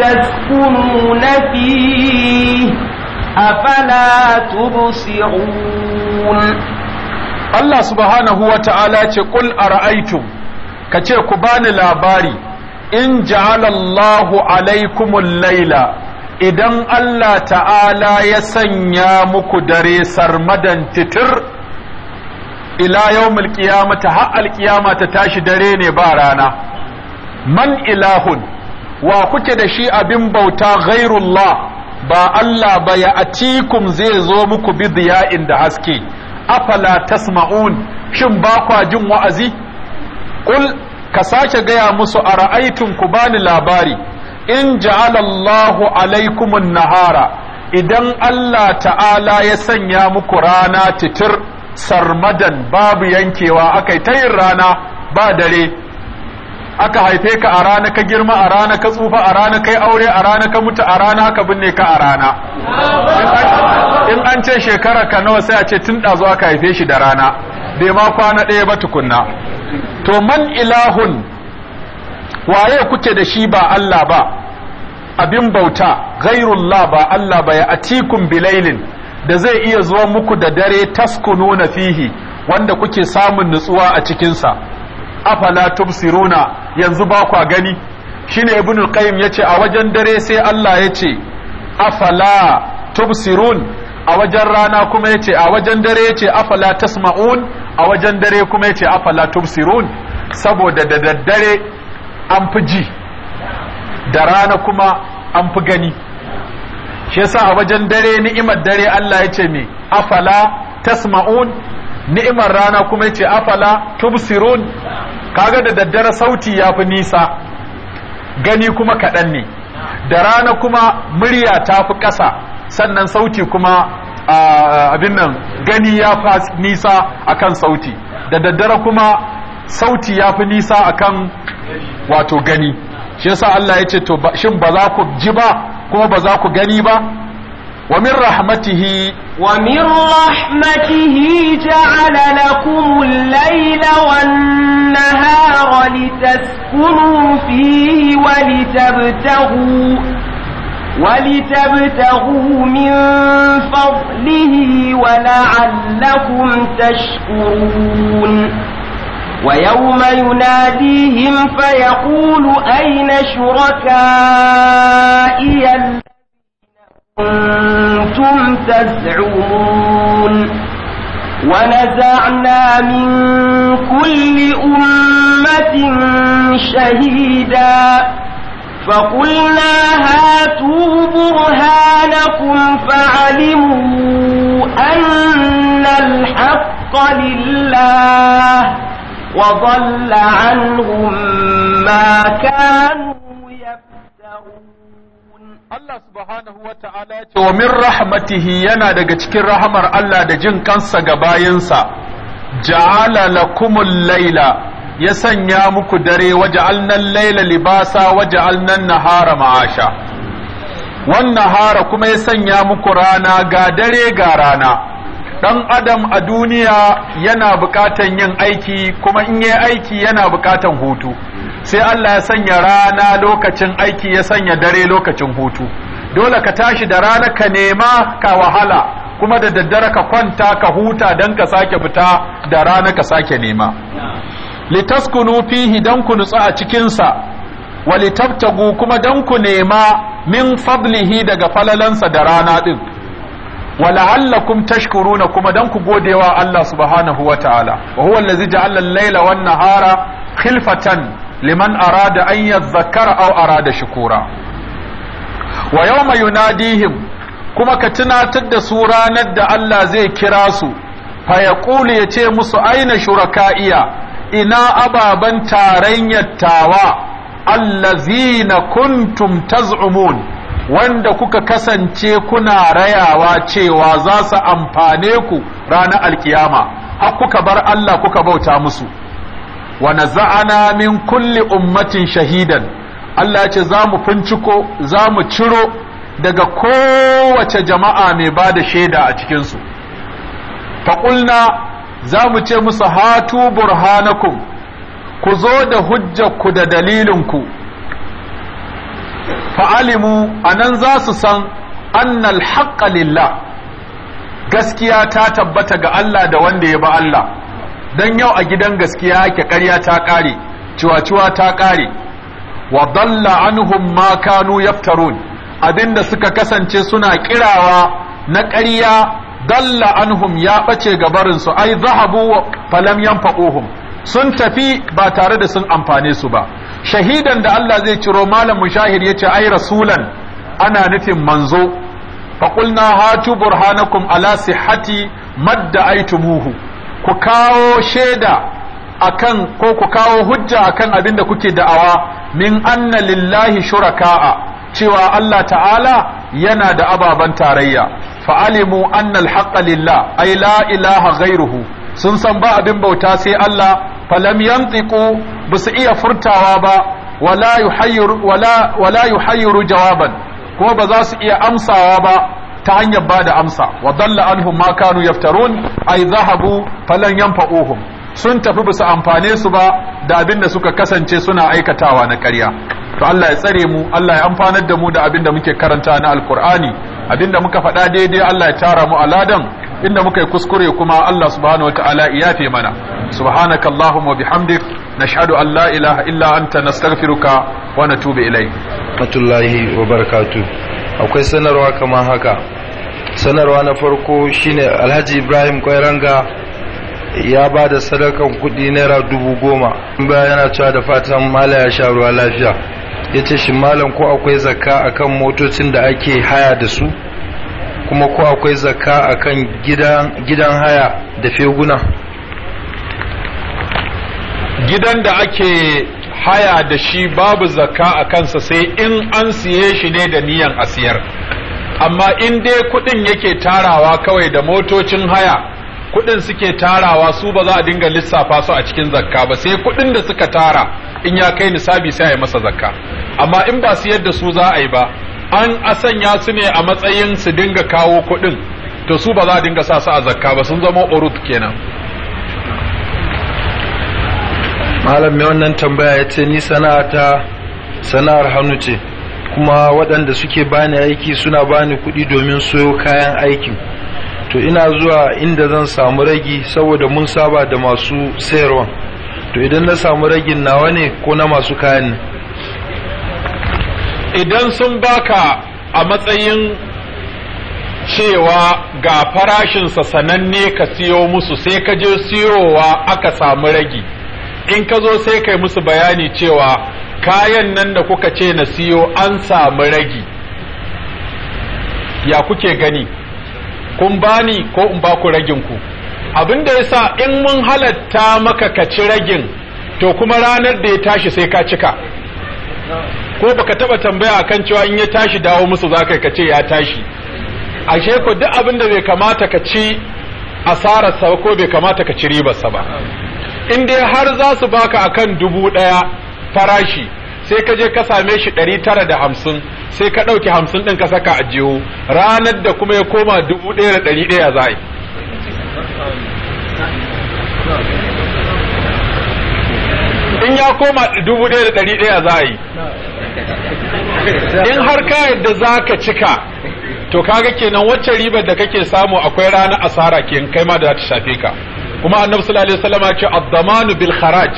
تسكنون فيه أفلا تبصرون الله سبحانه وتعالى قل أرأيتم كتير كبان لاباري إن جعل الله عليكم الليلة idan Allah ta'ala ya sanya muku dare sarmadan titir ila yawmil qiyamati har alqiyama ta tashi dare ne ba rana man ilahun wa kuke da shi abin bauta ghairullah ba Allah ba ya atikum zai zo muku bi diya'in da haske afala tasma'un shin ba kwa jin wa'azi kul ka sake gaya musu a ra'aitun ku bani labari in ja'alallahu alaikumun nahara idan Allah ta'ala ya sanya muku rana titir sarmadan babu yankewa aka ta yin rana ba dare aka haife ka a rana ka girma a rana ka tsufa a rana kai aure a rana ka mutu a rana ka binne ka a rana in an ce shekara ka nawa sai a ce tun ɗazu aka haife shi da rana bai ma kwana ɗaya ba tukunna to man ilahun waye kuke da shi ba Allah ba abin bauta ghairullah ba Allah ba ya atikum bilailin da zai iya zuwa muku da dare na fihi wanda kuke samun nutsuwa a cikinsa afala tubsiruna yanzu ba kwa gani shine ibn al-qayyim yace a wajen dare sai Allah yace afala tubsirun a wajen rana kuma yace a wajen dare yace afala tasma'un a wajen dare kuma yace afala tubsirun saboda da daddare an fi ji da rana kuma an fi gani shi yasa a wajen dare ni'imar dare Allah ya ce me afala tasma'un ni'imar rana kuma ya ce afala tubsirun kaga da daddare sauti yafi fi nisa gani kuma kaɗan ne da rana kuma murya ta fi ƙasa sannan sauti kuma abin nan gani ya fi nisa akan sauti da daddare kuma sauti ya fi nisa akan wato gani shi yasa Allah ya ce to shin ba za ku ji ba Kuma ba za ku gani ba wa min rahmatihi wa min rahmatihi ja'ala lakum al-layla wan-nahara litaskunu fihi wa litabtaghu min من فضله ولعلكم تشكرون ويوم يناديهم فيقول أين شركائي الذين كنتم تزعمون ونزعنا من كل أمة شهيدا فقلنا هاتوا برهانكم فعلموا أن الحق لله وضل عنهم ما كانوا يفترون Allah subhanahu wa ta'ala ce wa min rahmatihi yana daga cikin rahamar Allah da jin kansa ga bayansa. ja'ala lakumul laila ya sanya muku dare al'nan laila libasa al'nan nahara ma'asha wannan hara kuma ya sanya muku rana ga dare ga rana dan adam a duniya yana bukatan yin aiki kuma in yi aiki yana bukatan hutu sai Allah ya sanya rana lokacin aiki ya sanya dare lokacin hutu dole ka tashi da rana ka nema ka wahala kuma da daddare ka kwanta ka huta dan ka sake fita da rana ka sake nema litaskunu fihi dan ku nutsu a cikinsa sa walitabtagu kuma dan ku nema min fadlihi daga falalansa da rana din ولعلكم تشكرون كما دنكو غوديوا الله سبحانه وتعالى وهو الذي جعل الليل والنهار خلفة لمن أراد أن يذكر أو أراد شكورا ويوم يناديهم كما كتنا تد سورة ند الله زي كراسو فيقول يتي مسو أين شركائيا إنا أبا بنتا رين التاوى الذين كنتم تزعمون wanda kuka kasance kuna rayawa cewa za su amfane ku ranar alkiyama har kuka bar Allah kuka bauta musu wa naza'ana min kulli ummatin shahidan Allah ce za mu finciko za mu ciro daga kowace jama'a mai ba da shaida a cikinsu faƙulna za mu ce musu hatu burhanakum ku zo da ku da dalilinku fa'alimu anan za su san annal haqqa lillah gaskiya ta tabbata ga Allah da wanda ya ba Allah dan yau a gidan gaskiya yake ƙarya ta ƙare ciwaciwa ta ƙare wa dalla anhum ma kanu yaftarun abinda suka kasance suna kirawa na ƙarya dalla anhum ya ɓace gabarinsu ai zahabu falam yanfa'uhum sun tafi ba tare da sun amfane su ba shahidan da Allah zai ciro malam mushahir yace ai rasulan ana nufin manzo fa qulna hatu burhanakum ala sihhati madda aitumuhu ku kawo shaida akan ko ku kawo hujja akan abin da kuke da'awa min anna lillahi shuraka'a cewa Allah ta'ala yana da ababen tarayya fa'alimu annal haqqa lillah ay la ilaha gairuhu. sun san ba abin bauta sai Allah falam yantiqu basu iya furtawa ba wala yuhayyiru wala wala jawaban kuma ba za su iya amsawa ba ta hanyar ba da amsa wa dalla anhum ma kanu yaftarun ai zahabu falan yanfa'uhum sun tafi basu amfane su ba da abin da suka kasance suna aikatawa na ƙarya to Allah ya tsare mu Allah ya amfanar da mu da abin da muke karanta na alkur'ani abin da muka faɗa daidai Allah ya tara mu aladan inda muka yi kuskure kuma Allah subhanahu ta'ala ya yafe mana subhanaka allahumma bihamdik nashhadu an la ilaha illa anta nastaghfiruka wa natubu ilayk rahmatullahi wa barakatuh akwai sanarwa kama haka sanarwa na farko shine Alhaji Ibrahim Kwairanga ya ba da sadakan kuɗi naira dubu goma bayan yana cewa da fatan mala ya sha ruwa lafiya ya ce shi malam ko akwai zakka akan motocin da ake haya da su kuma ko akwai zakka akan gidan haya da feguna gidan da ake haya da shi babu zakka a kansa sai in an siye shi ne da niyan a siyar amma in dai kuɗin yake tarawa kawai da motocin haya kuɗin suke tarawa su ba za a dinga lissafa su a cikin zakka ba sai kuɗin da suka tara in ya kai nisabi sai a masa zakka amma in ba siyar da su za a yi ba an asanya su ne a matsayin su dinga kawo kuɗin to su ba za a dinga sa su a zakka ba sun zama urut kenan malam mai wannan tambaya ya ce ni sana'ata sana'ar hannu ce kuma waɗanda suke bani aiki suna bani kuɗi domin soyo kayan aikin to ina zuwa inda zan samu ragi saboda mun saba da masu sayarwa to idan na samu ragin nawa ne ko na masu kayan ne idan sun baka a matsayin cewa ga farashinsa sananne ka siyo musu sai ka je siyowa aka samu ragi in ka zo sai kai musu bayani cewa kayan nan da kuka ce na siyo an samu ragi ya kuke gani kun bani ko in ba ku ragin ku abin da yasa in mun halatta maka ka ci ragin to kuma ranar da ya tashi sai ka cika ko baka taba tambaya akan cewa in ya tashi dawo musu zakai ka ce ya tashi ashe ko duk abin da bai kamata ka ci asararsa ko bai kamata ka ci ribarsa ba in dai har za su baka akan dubu ɗaya farashi sai ka je ka same shi ɗari tara da hamsin sai ka ɗauki hamsin ɗin ka saka a jiho ranar da kuma ya koma dubu ɗaya da ɗari ɗaya za in ya koma dubu ɗaya da ɗari ɗaya za a yi in har ka yadda za ka cika to kaga kenan wacce ribar da kake samu akwai ranar asara kenan kai ma da za ta shafe ka kuma annabi sallallahu alaihi wasallam ya ce ad bil kharaj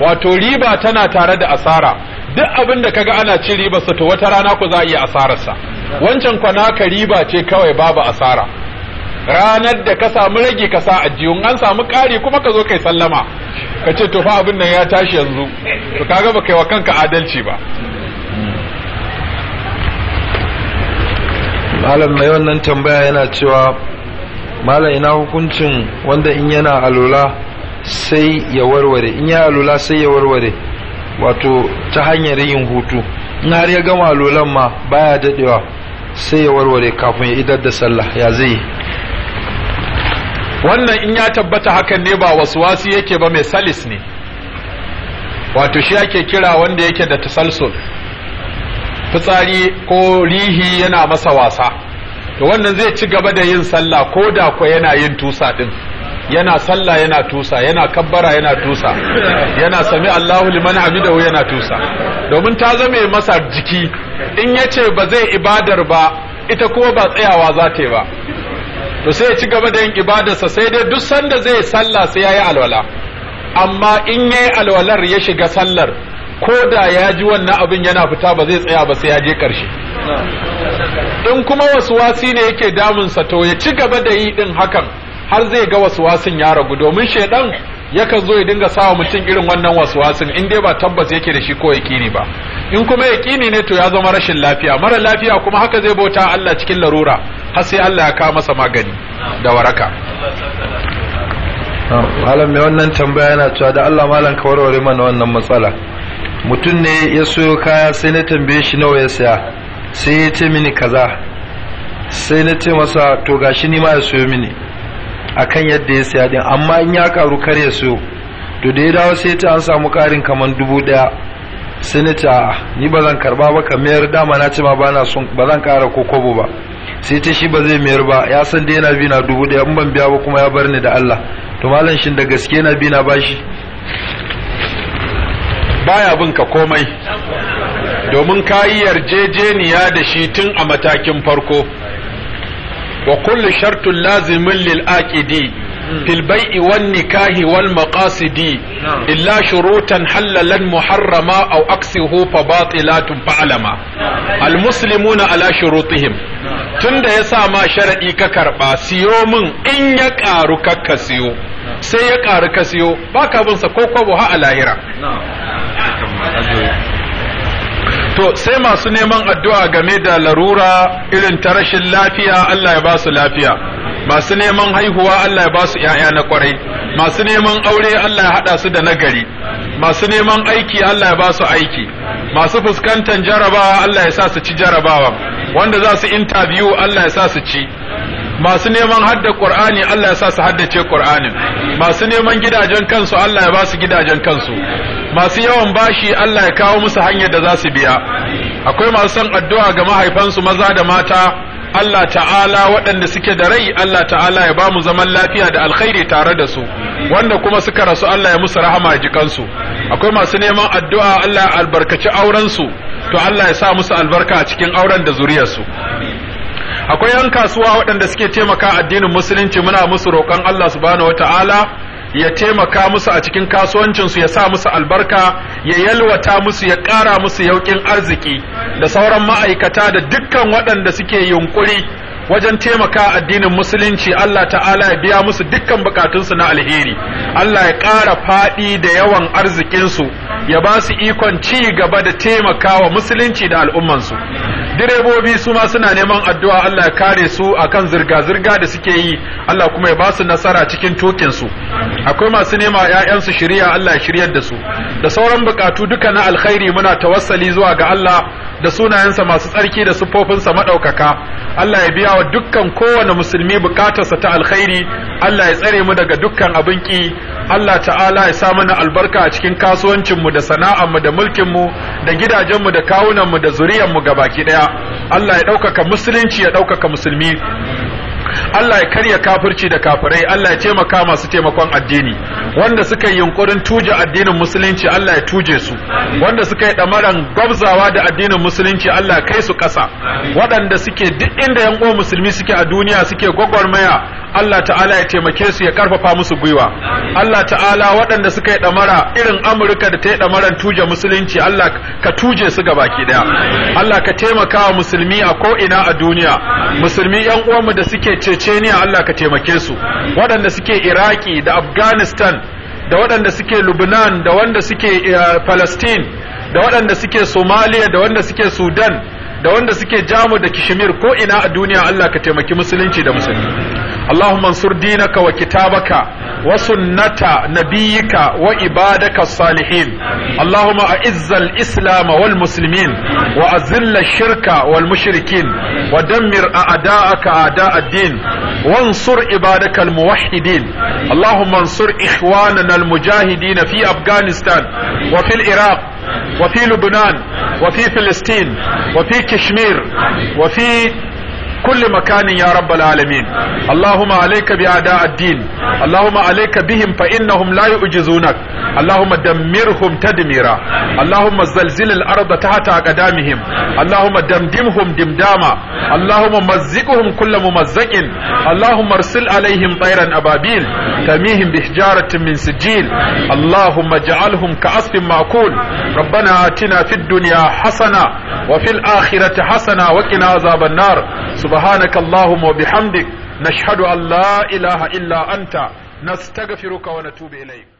wato riba tana tare da asara duk abin da kaga ana ci ribarsa to wata rana ku za a iya asararsa wancan kwana ka riba ce kawai babu asara ranar da ka samu rage ka sa jiyun an samu ƙari kuma ka zo kai sallama ka ce to fa abin nan ya tashi yanzu to ka gaba kai wa kanka adalci ba malam mai wannan tambaya yana cewa malam ina hukuncin wanda in yana alula sai ya warware in ya alula sai ya warware wato ta hanyar yin hutu in har ya gama alulan ma baya dadewa sai ya warware kafin ya idar da sallah ya zai wannan in ya tabbata hakan ne ba wasu wasu yake ba mai salis ne wato shi ake kira wanda yake da tasalsul fitsari ko rihi yana masa wasa to wannan zai ci gaba da yin sallah ko da ko yana yin tusa din yana sallah yana tusa yana kabbara yana tusa yana sami Allahu liman hamidahu yana tusa domin ta zame masa jiki in yace ba zai ibadar ba ita kuma ba tsayawa za ta yi ba to sai ya ci gaba da yin ibadarsa sai dai duk sanda zai sallah sai yi alwala amma in yayi alwalar ya shiga sallar ko da ya ji wannan abin yana fita ba zai tsaya ba sai ya je karshe in kuma wasu wasi ne yake damunsa to ya ci gaba da yi din hakan har zai ga wasu wasin ya ragu domin shaidan yakan zo ya dinga sawa mutum irin wannan waswasin in dai ba tabbas yake da shi ko yaƙini ba in kuma yaƙini ne to ya zama rashin lafiya mara lafiya kuma haka zai bauta Allah cikin larura har sai Allah ya kawo masa magani da waraka ah, malam mai wannan tambaya yana cewa da Allah malam ka warware mana wannan matsala mutum ne ya soyo kaya sai na tambaye shi nawa ya saya sai ya ce mini kaza sai na ce masa to gashi ni ma ya soyo mini akan yadda ya saya din amma in ya karu kar ya so to da ya dawo sai ta an samu karin kaman dubu daya sai ta ni ba zan karba ba ka mayar dama na ce ma ba na son ba zan kara ko kobo ba sai ta shi ba zai mayar ba ya san da yana bi dubu daya in ban biya ba kuma ya bar ni da Allah to malam shin da gaske na bi na bashi baya bin ka komai domin ka yi yarjejeniya da shi tun a matakin farko wa kullu shartun lazimin lil aqidi hmm. fil bai'i wan nikahi wal maqasidi illa shurutan halalan muharrama aw aksihu fa batilatun almuslimu na muslimuna ala shurutihim tunda yasa ma sharadi ka karɓa siyo min in ya ƙaru kakka siyo sai ya ƙaru ka siyo baka bin ko kwabo ha a lahira to sai masu neman addu'a game da larura irin ta rashin lafiya Allah ya ba su lafiya masu neman haihuwa Allah ya ba su ‘ya'ya na kwarai masu neman aure Allah ya haɗa su da nagari masu neman aiki Allah ya ba su aiki masu fuskantar jarabawa Allah ya sa su ci jarabawa wanda za su interview Allah ya sa su ci masu neman hadda Qur'ani Allah ya sa su haddace Qur'anin masu neman gidajen kansu Allah ya ba su gidajen kansu masu yawan bashi Allah ya kawo musu hanyar da za su biya akwai masu son addu'a ga mahaifansu maza da mata Allah ta'ala waɗanda suke da rai Allah ta'ala ya ba mu zaman lafiya da alkhairi tare da su wanda kuma suka rasu Allah ya musu rahama a jikansu akwai masu neman addu'a Allah ya albarkaci su to Allah ya sa musu albarka a cikin auren da zuriyarsu akwai yan kasuwa waɗanda suke taimaka addinin musulunci muna musu roƙon Allah subhanahu wataala ya taimaka musu a cikin kasuwancinsu ya sa musu albarka ya yalwata musu ya ƙara musu yauƙin arziki da sauran ma'aikata da dukkan waɗanda suke yunƙuri wajen taimaka addinin musulunci Allah ta'ala ya biya musu dukkan bukatunsu na alheri Allah ya ƙara faɗi da yawan arzikinsu ya ba su ikon ci gaba da taimakawa musulunci da al'ummansu direbobi su ma suna neman addu'a Allah ya kare su akan zirga-zirga da suke yi Allah kuma ya ba su nasara cikin tokin akwai masu nema ‘ya'yansu shirya Allah ya shiryar da su da sauran bukatu duka na alkhairi muna tawassali zuwa ga Allah da sunayensa masu tsarki da siffofinsa maɗaukaka Allah ya biya wa dukkan kowane musulmi bukatarsa ta alkhairi Allah ya tsare mu daga dukkan abin ki Allah ta'ala ya sa mana albarka a cikin kasuwancin mu da sana'ar mu da mulkin mu da gidajen mu da kawunan mu da zuriyar mu gabaki daya Allah ya ɗaukaka musulunci ya ɗaukaka musulmi Allah ya karya kafirci da kafirai Allah ya taimaka masu taimakon addini wanda suka yi yunkurin tuje addinin musulunci Allah ya tuje su wanda suka yi damaran gwabzawa da addinin musulunci Allah ya kai su ƙasa waɗanda suke duk inda yan uwan musulmi suke a duniya suke gwagwarmaya Allah ta'ala ya taimake su ya karfafa musu gwiwa Allah ta'ala waɗanda suka yi damara irin Amurka da ta yi damaran tuje musulunci Allah ka tuje su ga baki daya Allah ka taimaka wa musulmi a ko ina a duniya musulmi yan uwanmu da suke Ceceniya Allah ka taimake su waɗanda suke Iraki da Afghanistan da waɗanda suke Lubnan da wanda suke eh, Palestine da waɗanda suke Somalia da wanda suke Sudan da wanda suke jamu da kishimir ko ina a duniya Allah ka taimaki musulunci da musulmi Allahumma ansur dinaka wa kitabaka wa sunnata nabiyyika wa ibadaka salihin Allahumma a'izz al-islam wal muslimin wa azill ash-shirka wal mushrikin wa dammir a'da'aka a'da' ad-din وانصر عبادك الموحدين اللهم انصر إخواننا المجاهدين في أفغانستان وفي العراق وفي لبنان وفي فلسطين وفي كشمير وفي kulli makanin ya rabbal alamin allahumma alayka bi a'da ad-din allahumma alayka bihim fa innahum la yu'jizunak allahumma dammirhum tadmira allahumma zalzil al-ardha tahta aqdamihim allahumma damdimhum dimdama allahumma mazziqhum kullu mumazziqin allahumma arsil alaihim tayran ababil tamihim bi hijaratin min sijil اللهم اجعلهم كعصف معقول ربنا آتنا في الدنيا حسنة وفي الآخرة حسنة وقنا عذاب النار سبحان subhanaka allahumma wa bihamdik nashhadu an la ilaha illa anta nastaghfiruka wa na tubelai.